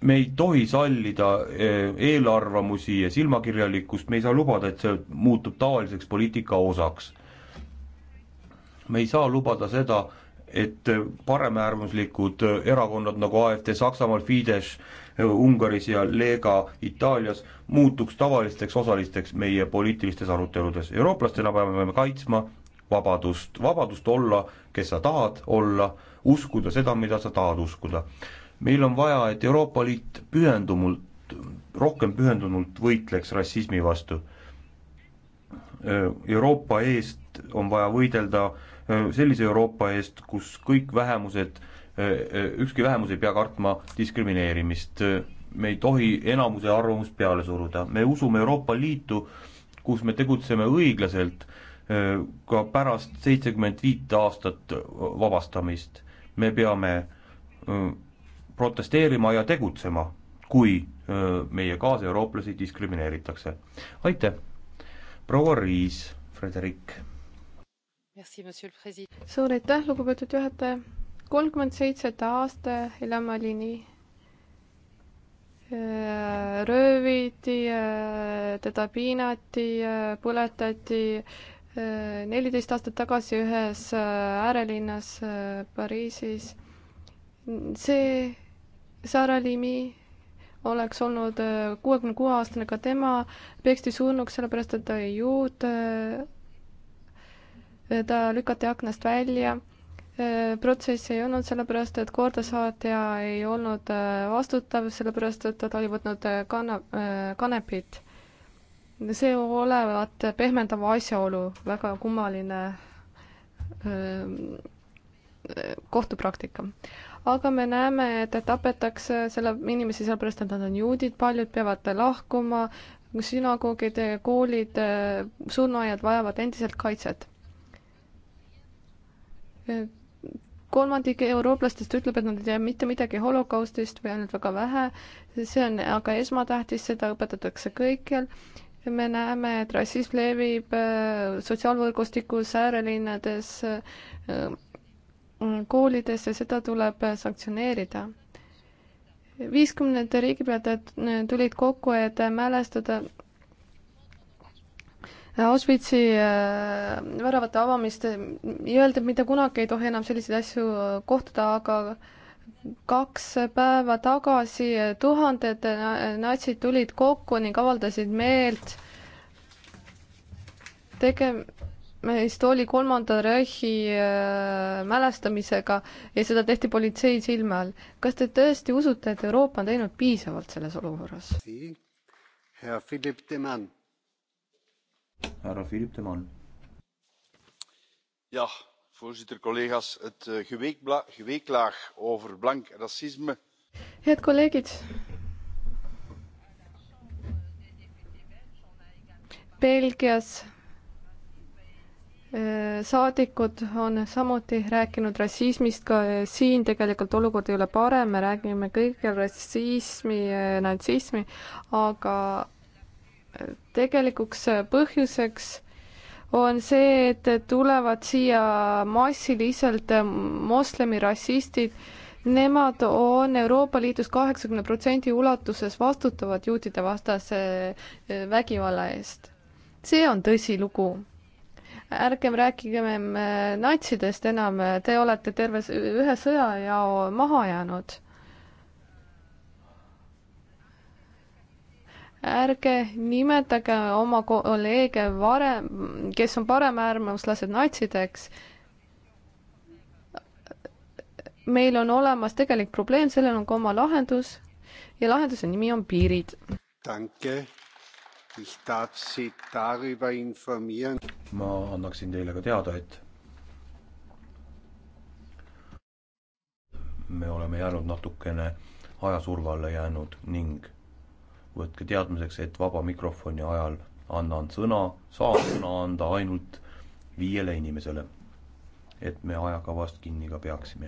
me ei tohi sallida eh, eelarvamusi ja silmakirjalikkust, me ei saa lubada, et see muutub tavaliseks poliitika osaks. me ei saa lubada seda, et paremäärmuslikud eh, erakonnad nagu AfD Saksamaal, Fidesz eh, Ungaris ja Lega Itaalias muutuks tavalisteks osalisteks meie poliitilistes aruteludes. eurooplastena peame me kaitsma vabadust, vabadust olla, kes sa tahad olla, uskuda seda, mida sa tahad uskuda meil on vaja, et Euroopa Liit pühendumult, rohkem pühendunult võitleks rassismi vastu. Euroopa eest on vaja võidelda sellise Euroopa eest, kus kõik vähemused, ükski vähemus ei pea kartma diskrimineerimist. me ei tohi enamuse arvamust peale suruda, me usume Euroopa Liitu, kus me tegutseme õiglaselt ka pärast seitsekümmend viit aastat vabastamist. me peame protesteerima ja tegutsema, kui meie kaaseurooplasi diskrimineeritakse. aitäh, proua Riis, Frederik. suur aitäh, lugupeetud juhataja. kolmkümmend seitset aasta Helemalini rööviti, teda piinati, põletati neliteist aastat tagasi ühes äärelinnas Pariisis. see Sara Limi oleks olnud äh, kuuekümne kuue aastane, ka tema peksti surnuks, sellepärast et ta ei juut. Äh, ta lükati aknast välja. Äh, protsessi ei olnud, sellepärast et kordasaatja ei olnud vastutav, sellepärast et ta oli võtnud kanna, kanepit. see olevat pehmendav asjaolu, väga kummaline kohtupraktika aga me näeme, et tapetakse selle inimesi sellepärast, et nad on juudid, paljud peavad lahkuma, sünagoogid, koolid, surnuaiad vajavad endiselt kaitset. kolmandik eurooplastest ütleb, et nad ei tea mitte midagi holokaustist või ainult väga vähe, see on aga esmatähtis, seda õpetatakse kõikjal me näeme, et rassism levib sotsiaalvõrgustikus, äärelinnades, koolides ja seda tuleb sanktsioneerida. viiskümnendate riigipead tulid kokku, et mälestada Auschwitzi äh, väravate avamist ja öeldi, et mitte kunagi ei tohi enam selliseid asju äh, kohtuda, aga kaks päeva tagasi äh, tuhanded natsid tulid kokku ning avaldasid meelt tege-, meist oli kolmanda Reichi äh, mälestamisega ja seda tehti politsei silme all. kas te tõesti usute, et Euroopa on teinud piisavalt selles olukorras? härra Philip de Man. jah, voorzitter, kolleegas, et eh, geweeklaag over blank rassisme. head kolleegid. Belgias Äh, saadikud on samuti rääkinud rassismist, ka äh, siin tegelikult olukord ei ole parem, me räägime kõigil rassismi, äh, natsismi, aga tegelikuks põhjuseks on see, et tulevad siia massiliselt moslemi rassistid, nemad on Euroopa Liidus kaheksakümne protsendi ulatuses vastutavad juutide vastase vägivalla eest. see on tõsilugu ärgem rääkigem äh, natsidest enam, te olete terve ühe sõjajao maha jäänud. ärge nimetage oma kolleege varem, kes on paremäärmuslased natsideks. meil on olemas tegelik probleem, sellel on ka oma lahendus ja lahenduse nimi on piirid. tänke ma annaksin teile ka teada, et me oleme jäänud natukene ajasurve alla jäänud ning võtke teadmiseks, et vaba mikrofoni ajal annan sõna, saan sõna anda ainult viiele inimesele. et me ajakavast kinni ka peaksime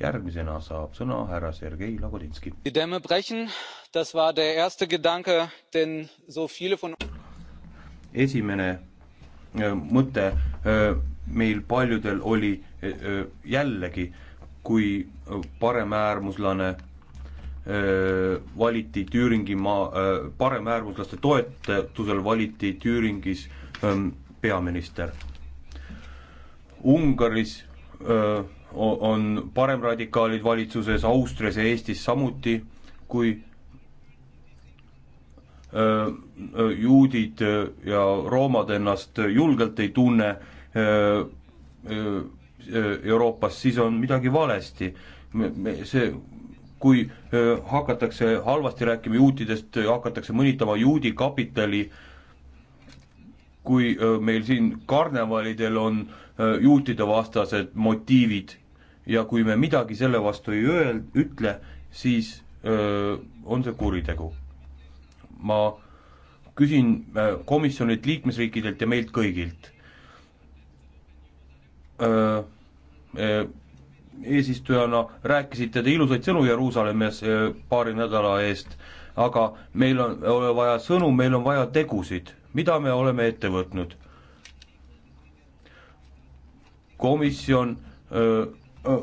järgmisena saab sõna härra Sergei Lagodinski. esimene äh, mõte äh, meil paljudel oli äh, jällegi, kui paremäärmuslane valiti Tüüringimaa, paremäärmuslaste toetusel valiti Tüüringis ähm, peaminister. Ungaris öö, on paremradikaalid valitsuses, Austrias ja Eestis samuti, kui juudid ja roomad ennast julgelt ei tunne Euroopas, siis on midagi valesti. see, kui hakatakse halvasti rääkima juutidest, hakatakse mõnitama juudi kapitali, kui meil siin karnevalidel on juutide vastased motiivid ja kui me midagi selle vastu ei öel-, ütle, siis öö, on see kuritegu. ma küsin äh, komisjonilt, liikmesriikidelt ja meilt kõigilt. eesistujana rääkisite te ilusaid sõnu Jeruusalemmas paari nädala eest, aga meil on, on vaja sõnu, meil on vaja tegusid, mida me oleme ette võtnud. komisjon öö,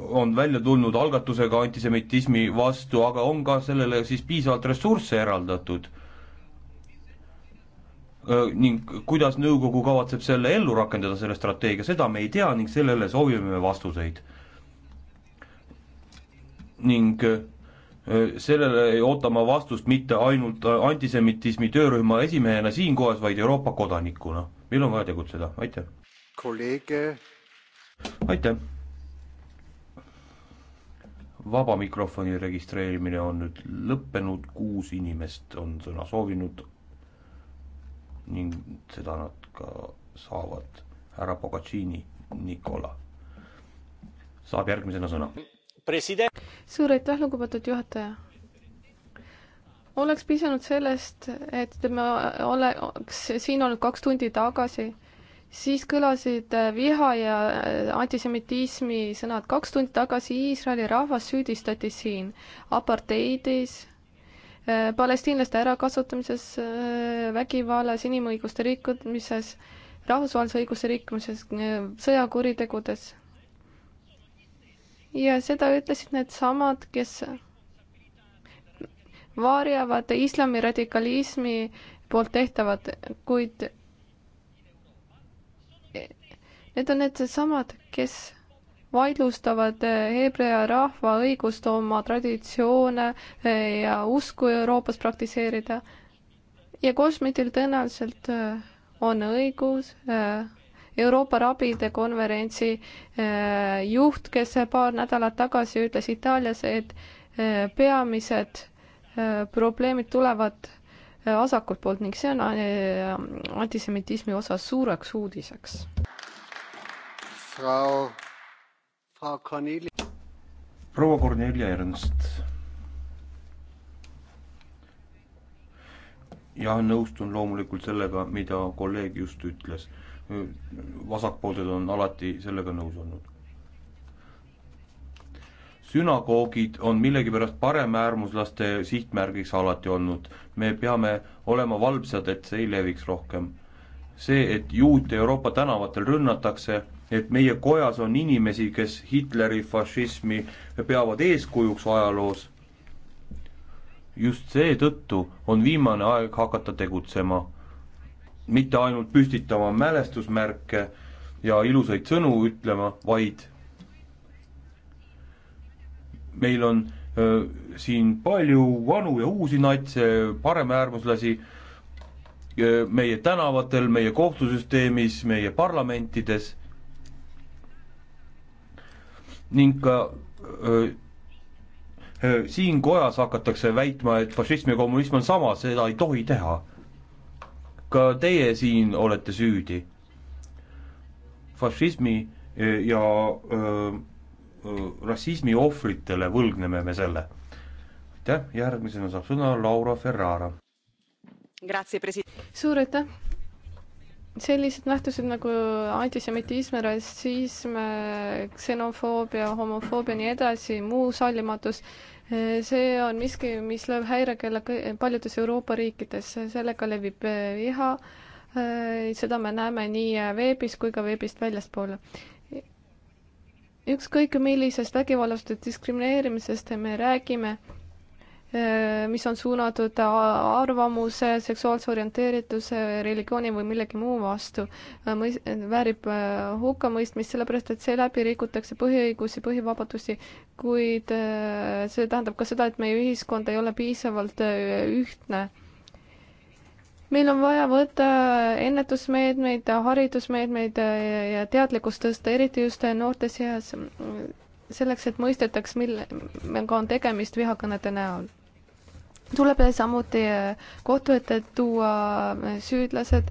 on välja tulnud algatusega antisemitismi vastu, aga on ka sellele siis piisavalt ressursse eraldatud? ning kuidas nõukogu kavatseb selle ellu rakendada, selle strateegia, seda me ei tea ning sellele soovime me vastuseid. ning sellele ootan ma vastust mitte ainult äh, antisemitismi töörühma esimehena siinkohas, vaid Euroopa kodanikuna. meil on vaja tegutseda, aitäh. kolleeg. aitäh vaba mikrofoni registreerimine on nüüd lõppenud, kuus inimest on sõna soovinud ning seda nad ka saavad. härra Pogaccini, Nikola saab järgmisena sõna. suur aitäh, lugupeetud juhataja! oleks piisanud sellest, et me oleks siin olnud kaks tundi tagasi siis kõlasid äh, viha ja äh, antisemitismi sõnad. kaks tundi tagasi Iisraeli rahvas süüdistati siin aparteidis, äh, palestiinlaste ärakasutamises, vägivallas, inimõiguste rikkumises, rahvusvahelise õiguse rikkumises, sõjakuritegudes. ja seda ütlesid needsamad, kes varjavad islami radikalismi poolt tehtavat, kuid Need on needsamad, kes vaidlustavad Hebrea eh, rahva õigust oma traditsioone eh, ja usku Euroopas praktiseerida. ja Kosmitil tõenäoliselt eh, on õigus Euroopa rabide konverentsi juht, kes paar nädalat tagasi ütles Itaalias, et peamised probleemid tulevad vasakult poolt ning see on antisemitismi osas suureks uudiseks proua Kornelia Ernst. ja nõustun loomulikult sellega, mida kolleeg just ütles. vasakpoolsed on alati sellega nõus olnud sünagoogid on millegipärast paremäärmuslaste sihtmärgiks alati olnud. me peame olema valvsad, et see ei leviks rohkem. see, et juute Euroopa tänavatel rünnatakse, et meie kojas on inimesi, kes Hitleri fašismi peavad eeskujuks ajaloos. just seetõttu on viimane aeg hakata tegutsema, mitte ainult püstitama mälestusmärke ja ilusaid sõnu ütlema, vaid meil on öö, siin palju vanu ja uusi natse, paremäärmuslasi meie tänavatel, meie kohtusüsteemis, meie parlamentides ning ka öö, öö, siin kojas hakatakse väitma, et fašism ja kommunism on sama, seda ei tohi teha. ka teie siin olete süüdi. fašismi ja öö, öö, rassismi ohvritele võlgneme me selle. aitäh, järgmisena saab sõna Laura Ferrara. suur aitäh! sellised nähtused nagu antisemitism, rassism, ksenofoobia, homofoobia, nii edasi, muu sallimatus, see on miski, mis lööb häirekella paljudes Euroopa riikides, sellega levib viha, seda me näeme nii veebis kui ka veebist väljaspool. ükskõik millisest vägivallast ja diskrimineerimisest me räägime Äh, mis on suunatud arvamuse, seksuaalse orienteerituse, religiooni või millegi muu vastu, äh, väärib äh, hukkamõistmist, sellepärast et seeläbi rikutakse põhiõigusi, põhivabadusi, kuid see tähendab ka seda, et meie ühiskond ei ole piisavalt ühtne. meil on vaja võtta ennetusmeetmeid, haridusmeetmeid ja teadlikkust tõsta, eriti just noorte seas, selleks, et mõistetaks, millega on tegemist vihakõnede näol tuleb samuti äh, kohtu ette tuua äh, süüdlased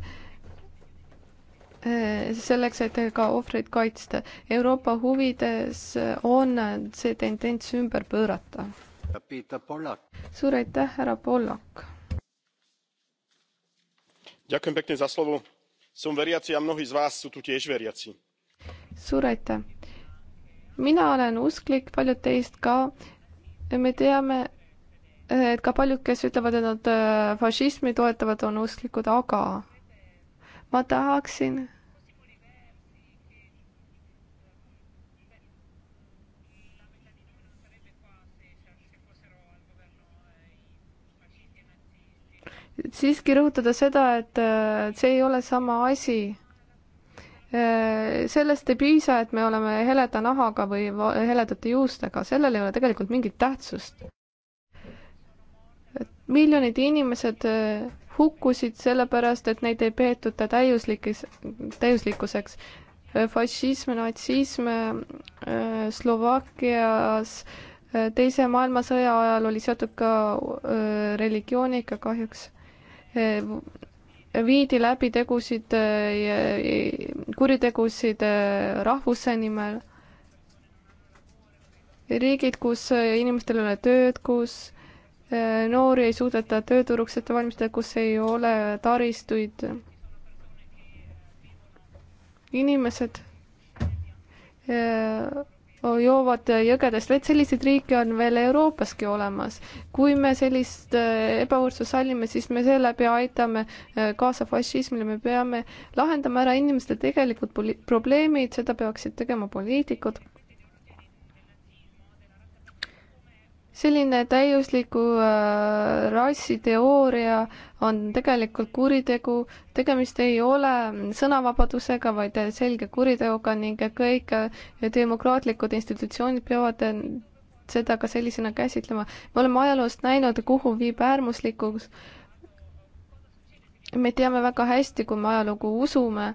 äh, selleks, et ka ohvreid kaitsta. Euroopa huvides on see tendents ümber pöörata. suur aitäh, härra Pollak! suur aitäh! mina olen usklik, paljud teist ka. me teame, et ka paljud, kes ütlevad, et nad äh, fašismi toetavad, on usklikud, aga ma tahaksin siiski rõhutada seda, et äh, see ei ole sama asi. Äh, sellest ei piisa, et me oleme heleda nahaga või heledate juustega, sellel ei ole tegelikult mingit tähtsust miljonid inimesed äh, hukkusid sellepärast, et neid ei peetud täiuslikis, täiuslikkuseks. Äh, fašism, natsism äh, Slovakkias teise maailmasõja ajal oli seotud ka religiooniga kahjuks. viidi läbi tegusid, kuritegusid rahvuse nimel. riigid, kus inimestel ei ole tööd, kus Äh, noori ei suudeta tööturuks ette valmistada, kus ei ole taristuid. inimesed äh, joovad jõgedest, vaid selliseid riike on veel Euroopaski olemas. kui me sellist äh, ebavõrdsust sallime, siis me seeläbi aitame kaasa fašismile, me peame lahendama ära inimeste tegelikud probleemid, seda peaksid tegema poliitikud selline täiusliku äh, rassiteooria on tegelikult kuritegu, tegemist ei ole sõnavabadusega, vaid selge kuriteoga ning kõik äh, demokraatlikud institutsioonid peavad äh, seda ka sellisena käsitlema. me oleme ajaloost näinud, kuhu viib äärmuslikkus äh, me teame väga hästi, kui me ajalugu usume,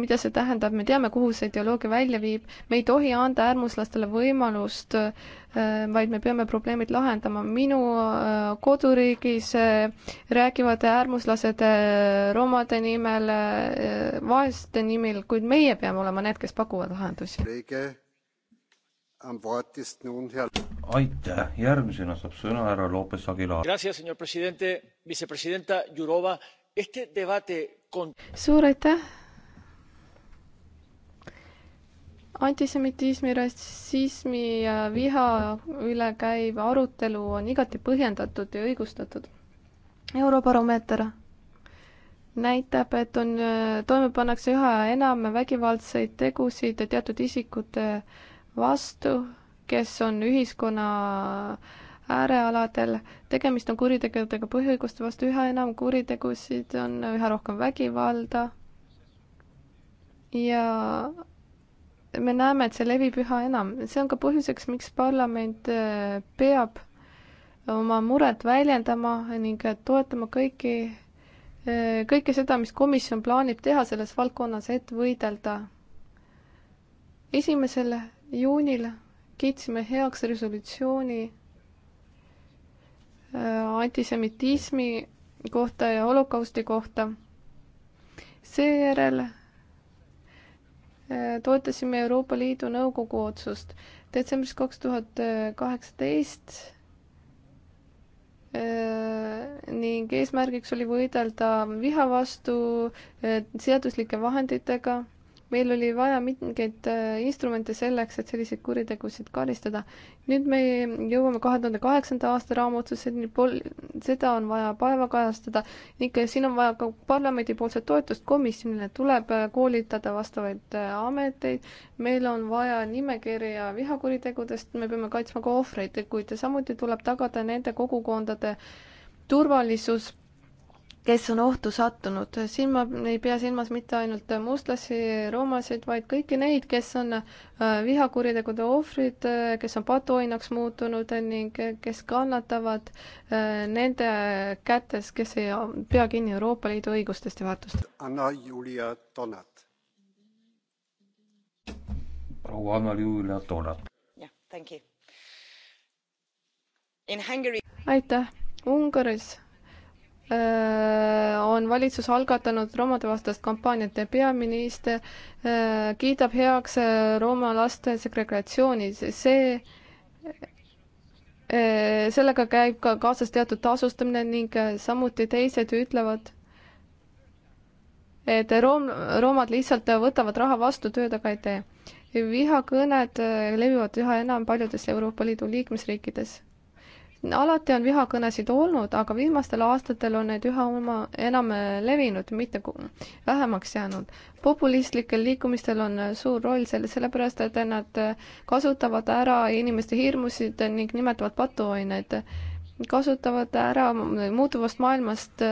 mida see tähendab, me teame, kuhu see ideoloogia välja viib, me ei tohi anda äärmuslastele võimalust, äh, vaid me peame probleemid lahendama. minu äh, koduriigis äh, räägivad äärmuslased romade nimel, vaeste nimel, kuid meie peame olema need, kes pakuvad lahendusi. aitäh, järgmisena saab sõna härra Lopez Aguilar. Gracias, señor presidente, vicepresidenta Jurova suur aitäh! antisemitismi, rassismi ja viha üle käiv arutelu on igati põhjendatud ja õigustatud. Eurobaromeeter näitab, et on, toime pannakse üha enam vägivaldseid tegusid teatud isikute vastu, kes on ühiskonna äh, äärealadel. tegemist on kuritegudega põhiõiguste vastu, üha enam kuritegusid on, üha rohkem vägivalda. ja me näeme, et see levib üha enam, see on ka põhjuseks, miks parlament äh, peab oma muret väljendama ning toetama kõiki, äh, kõike seda, mis komisjon plaanib teha selles valdkonnas, et võidelda. esimesel juunil kiitsime heaks resolutsiooni Äh, antisemitismi kohta ja holokausti kohta. seejärel äh, toetasime Euroopa Liidu Nõukogu otsust detsembris kaks tuhat kaheksateist äh, ning eesmärgiks oli võidelda viha vastu seaduslike vahenditega meil oli vaja mingeid äh, instrumente selleks, et selliseid kuritegusid karistada. nüüd me jõuame kahe tuhande kaheksanda aasta raamotsuseni, pol-, seda on vaja päevakajastada ning siin on vaja ka parlamendipoolset toetust komisjonile, tuleb äh, koolitada vastavaid äh, ameteid, meil on vaja nimekirja vihakuritegudest, me peame kaitsma ka ohvreid, kuid samuti tuleb tagada nende kogukondade turvalisus kes on ohtu sattunud. siin ma ei pea silmas mitte ainult mustlasi, roomasid, vaid kõiki neid, kes on äh, vihakuritegude ohvrid, äh, kes on patuoinaks muutunud ning kes kannatavad äh, nende kätes, kes ei pea kinni Euroopa Liidu õigustest ja väärtustest. Anna-Julia Donat. proua Anna-Julia Donat. jah, thank you. aitäh, Ungaris Äh, on valitsus algatanud roomadevastast kampaaniat ja peaminister äh, kiidab heaks äh, rooma laste segregatsiooni. see, sellega käib ka kaasas teatud tasustamine ning samuti teised ütlevad, et room, roomad lihtsalt võtavad raha vastu, tööd aga ei tee. vihakõned levivad üha enam paljudes Euroopa Liidu liikmesriikides alati on vihakõnesid olnud, aga viimastel aastatel on need üha oma, enam levinud, mitte vähemaks jäänud. populistlikel liikumistel on suur roll selles, sellepärast et nad kasutavad ära inimeste hirmusid ning nimetavad patuoineid kasutavad ära muutuvast maailmast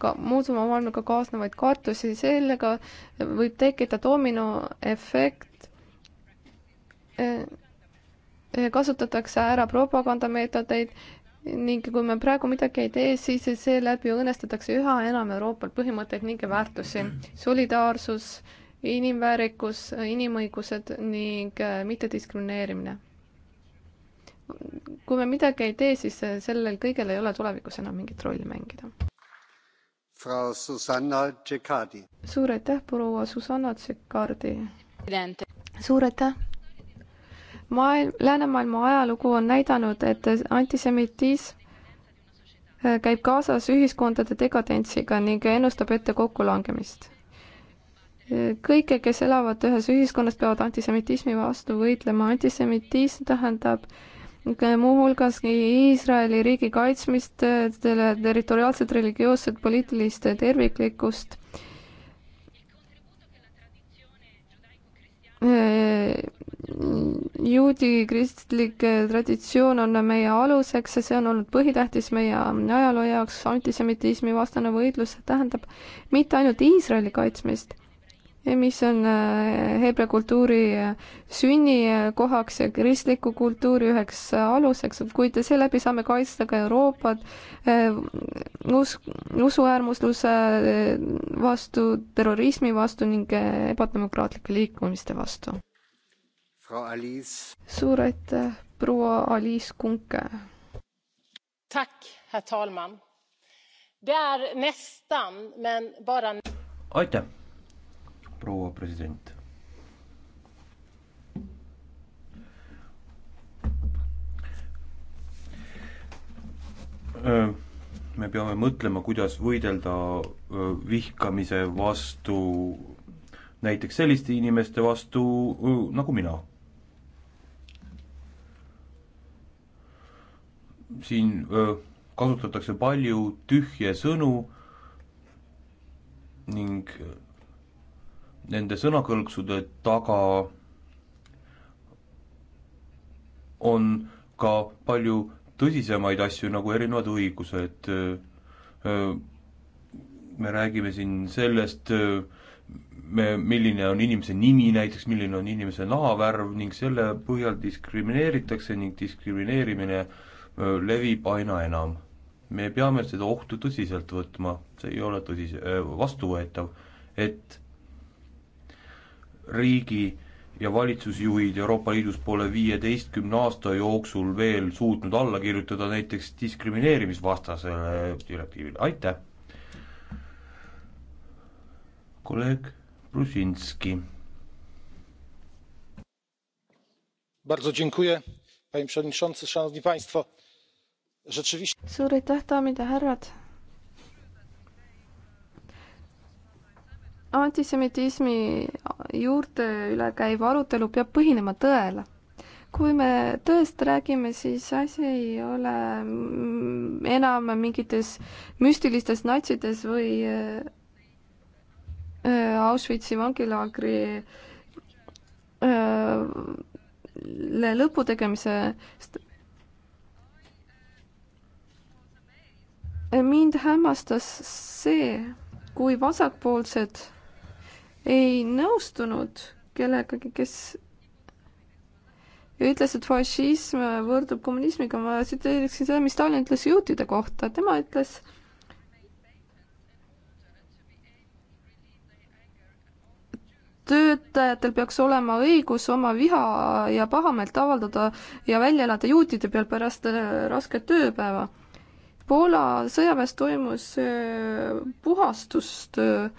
ka muutuva maailmaga kaasnevaid kartusi, sellega võib tekkida dominoefekt. Eh, Eh, kasutatakse ära propagandameetodeid ning kui me praegu midagi ei tee, siis seeläbi õõnestatakse üha enam Euroopal põhimõtteid ning väärtusi. solidaarsus, inimväärikus, inimõigused ning eh, mittediskrimineerimine. kui me midagi ei tee, siis eh, sellel kõigel ei ole tulevikus enam mingit rolli mängida. suur aitäh, proua Susanna Tsekardi! suur aitäh! maailm, läänemaailma ajalugu on näidanud, et antisemitism äh, käib kaasas ühiskondade dekadentsiga ning ennustab ette kokkulangemist. Äh, kõike, kes elavad ühes ühiskonnas, peavad antisemitismi vastu võitlema. antisemitism tähendab muuhulgas Iisraeli riigi kaitsmist, selle territoriaalset, religioosset, poliitilist terviklikkust äh, juudi kristlik traditsioon on meie aluseks ja see on olnud põhitähtis meie ajaloo jaoks, antisemitismi vastane võitlus tähendab mitte ainult Iisraeli kaitsmist, mis on eh, heebrea kultuuri eh, sünnikohaks ja kristliku kultuuri üheks aluseks, kuid seeläbi saame kaitsta ka Euroopat eh, us-, usuäärmusluse vastu, terrorismi vastu ning ebademokraatlike liikumiste vastu suur aitäh, proua Aliis Kunke. aitäh, proua president. me peame mõtlema, kuidas võidelda vihkamise vastu, näiteks selliste inimeste vastu nagu mina siin kasutatakse palju tühje sõnu ning nende sõnakõlksude taga on ka palju tõsisemaid asju, nagu erinevad õigused. me räägime siin sellest, me, milline on inimese nimi näiteks, milline on inimese nahavärv ning selle põhjal diskrimineeritakse ning diskrimineerimine äh, levib aina enam. me peame seda ohtu tõsiselt võtma, see ei ole tõsise, vastuvõetav, et riigi ja valitsusjuhid Euroopa Liidus pole viieteistkümne aasta jooksul veel suutnud alla kirjutada näiteks diskrimineerimisvastasele direktiivile, aitäh! kolleeg Brusinski. Bardzo dziękuję, panie przewodniczący, szanowni państwo! suur aitäh, daamid ja härrad. antisemitismi juurte üle käiv arutelu peab põhinema tõele. kui me tõest räägime, siis asi ei ole enam mingites müstilistes natsides või äh, Auschwitzi vangilaagri äh, lõpu tegemise mind hämmastas see, kui vasakpoolsed ei nõustunud kellegagi, kes ütles, et fašism võrdub kommunismiga, ma tsiteeriksin seda, mis Stalin ütles juutide kohta, tema ütles, töötajatel peaks olema õigus oma viha ja pahameelt avaldada ja välja elada juutide peal pärast äh, rasket tööpäeva Poola sõjaväes toimus äh, puhastust, äh,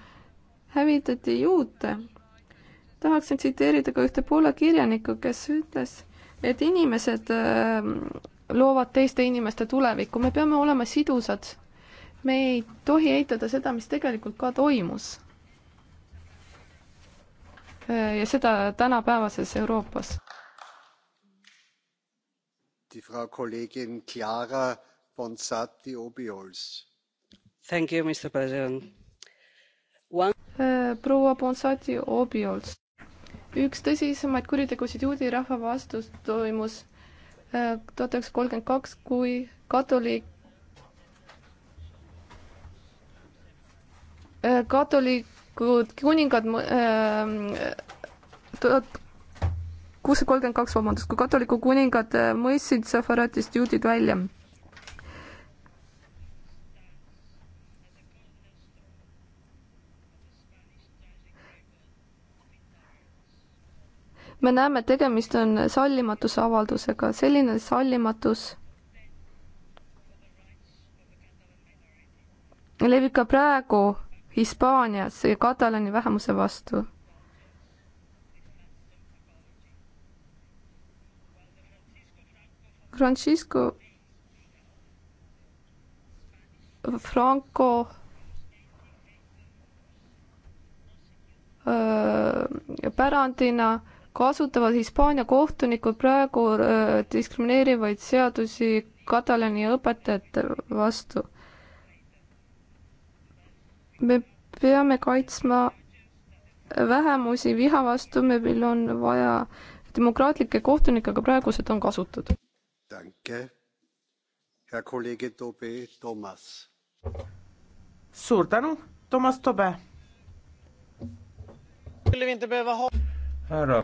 hävitati juute. tahaksin tsiteerida ka ühte Poola kirjanikku, kes ütles, et inimesed äh, loovad teiste inimeste tulevikku, me peame olema sidusad. me ei tohi eitada seda, mis tegelikult ka toimus. ja seda tänapäevases Euroopas. Frau Kollegin Clara mr president One... Äh, proua Ponsati Obiols. üks tõsisemaid kuritegusid juudi rahva vastu toimus äh, tuhat üheksasada kolmkümmend kaks, kui katoliik äh, katolikud kuningad tuhat kuussada kolmkümmend kaks, vabandust, kui katoliku kuningad mõistsid sefaratist juudid välja me näeme, et tegemist on sallimatuse avaldusega, selline sallimatus levib ka praegu Hispaanias katalani vähemuse vastu. Francisco Franco öö, äh, pärandina kasutavad Hispaania kohtunikud praegu äh, diskrimineerivaid seadusi Katalani õpetajate vastu. me peame kaitsma vähemusi viha vastu, meil on vaja demokraatlikke kohtunikke, aga praegu seda on kasutud. suur tänu, Toomas Tobe. härra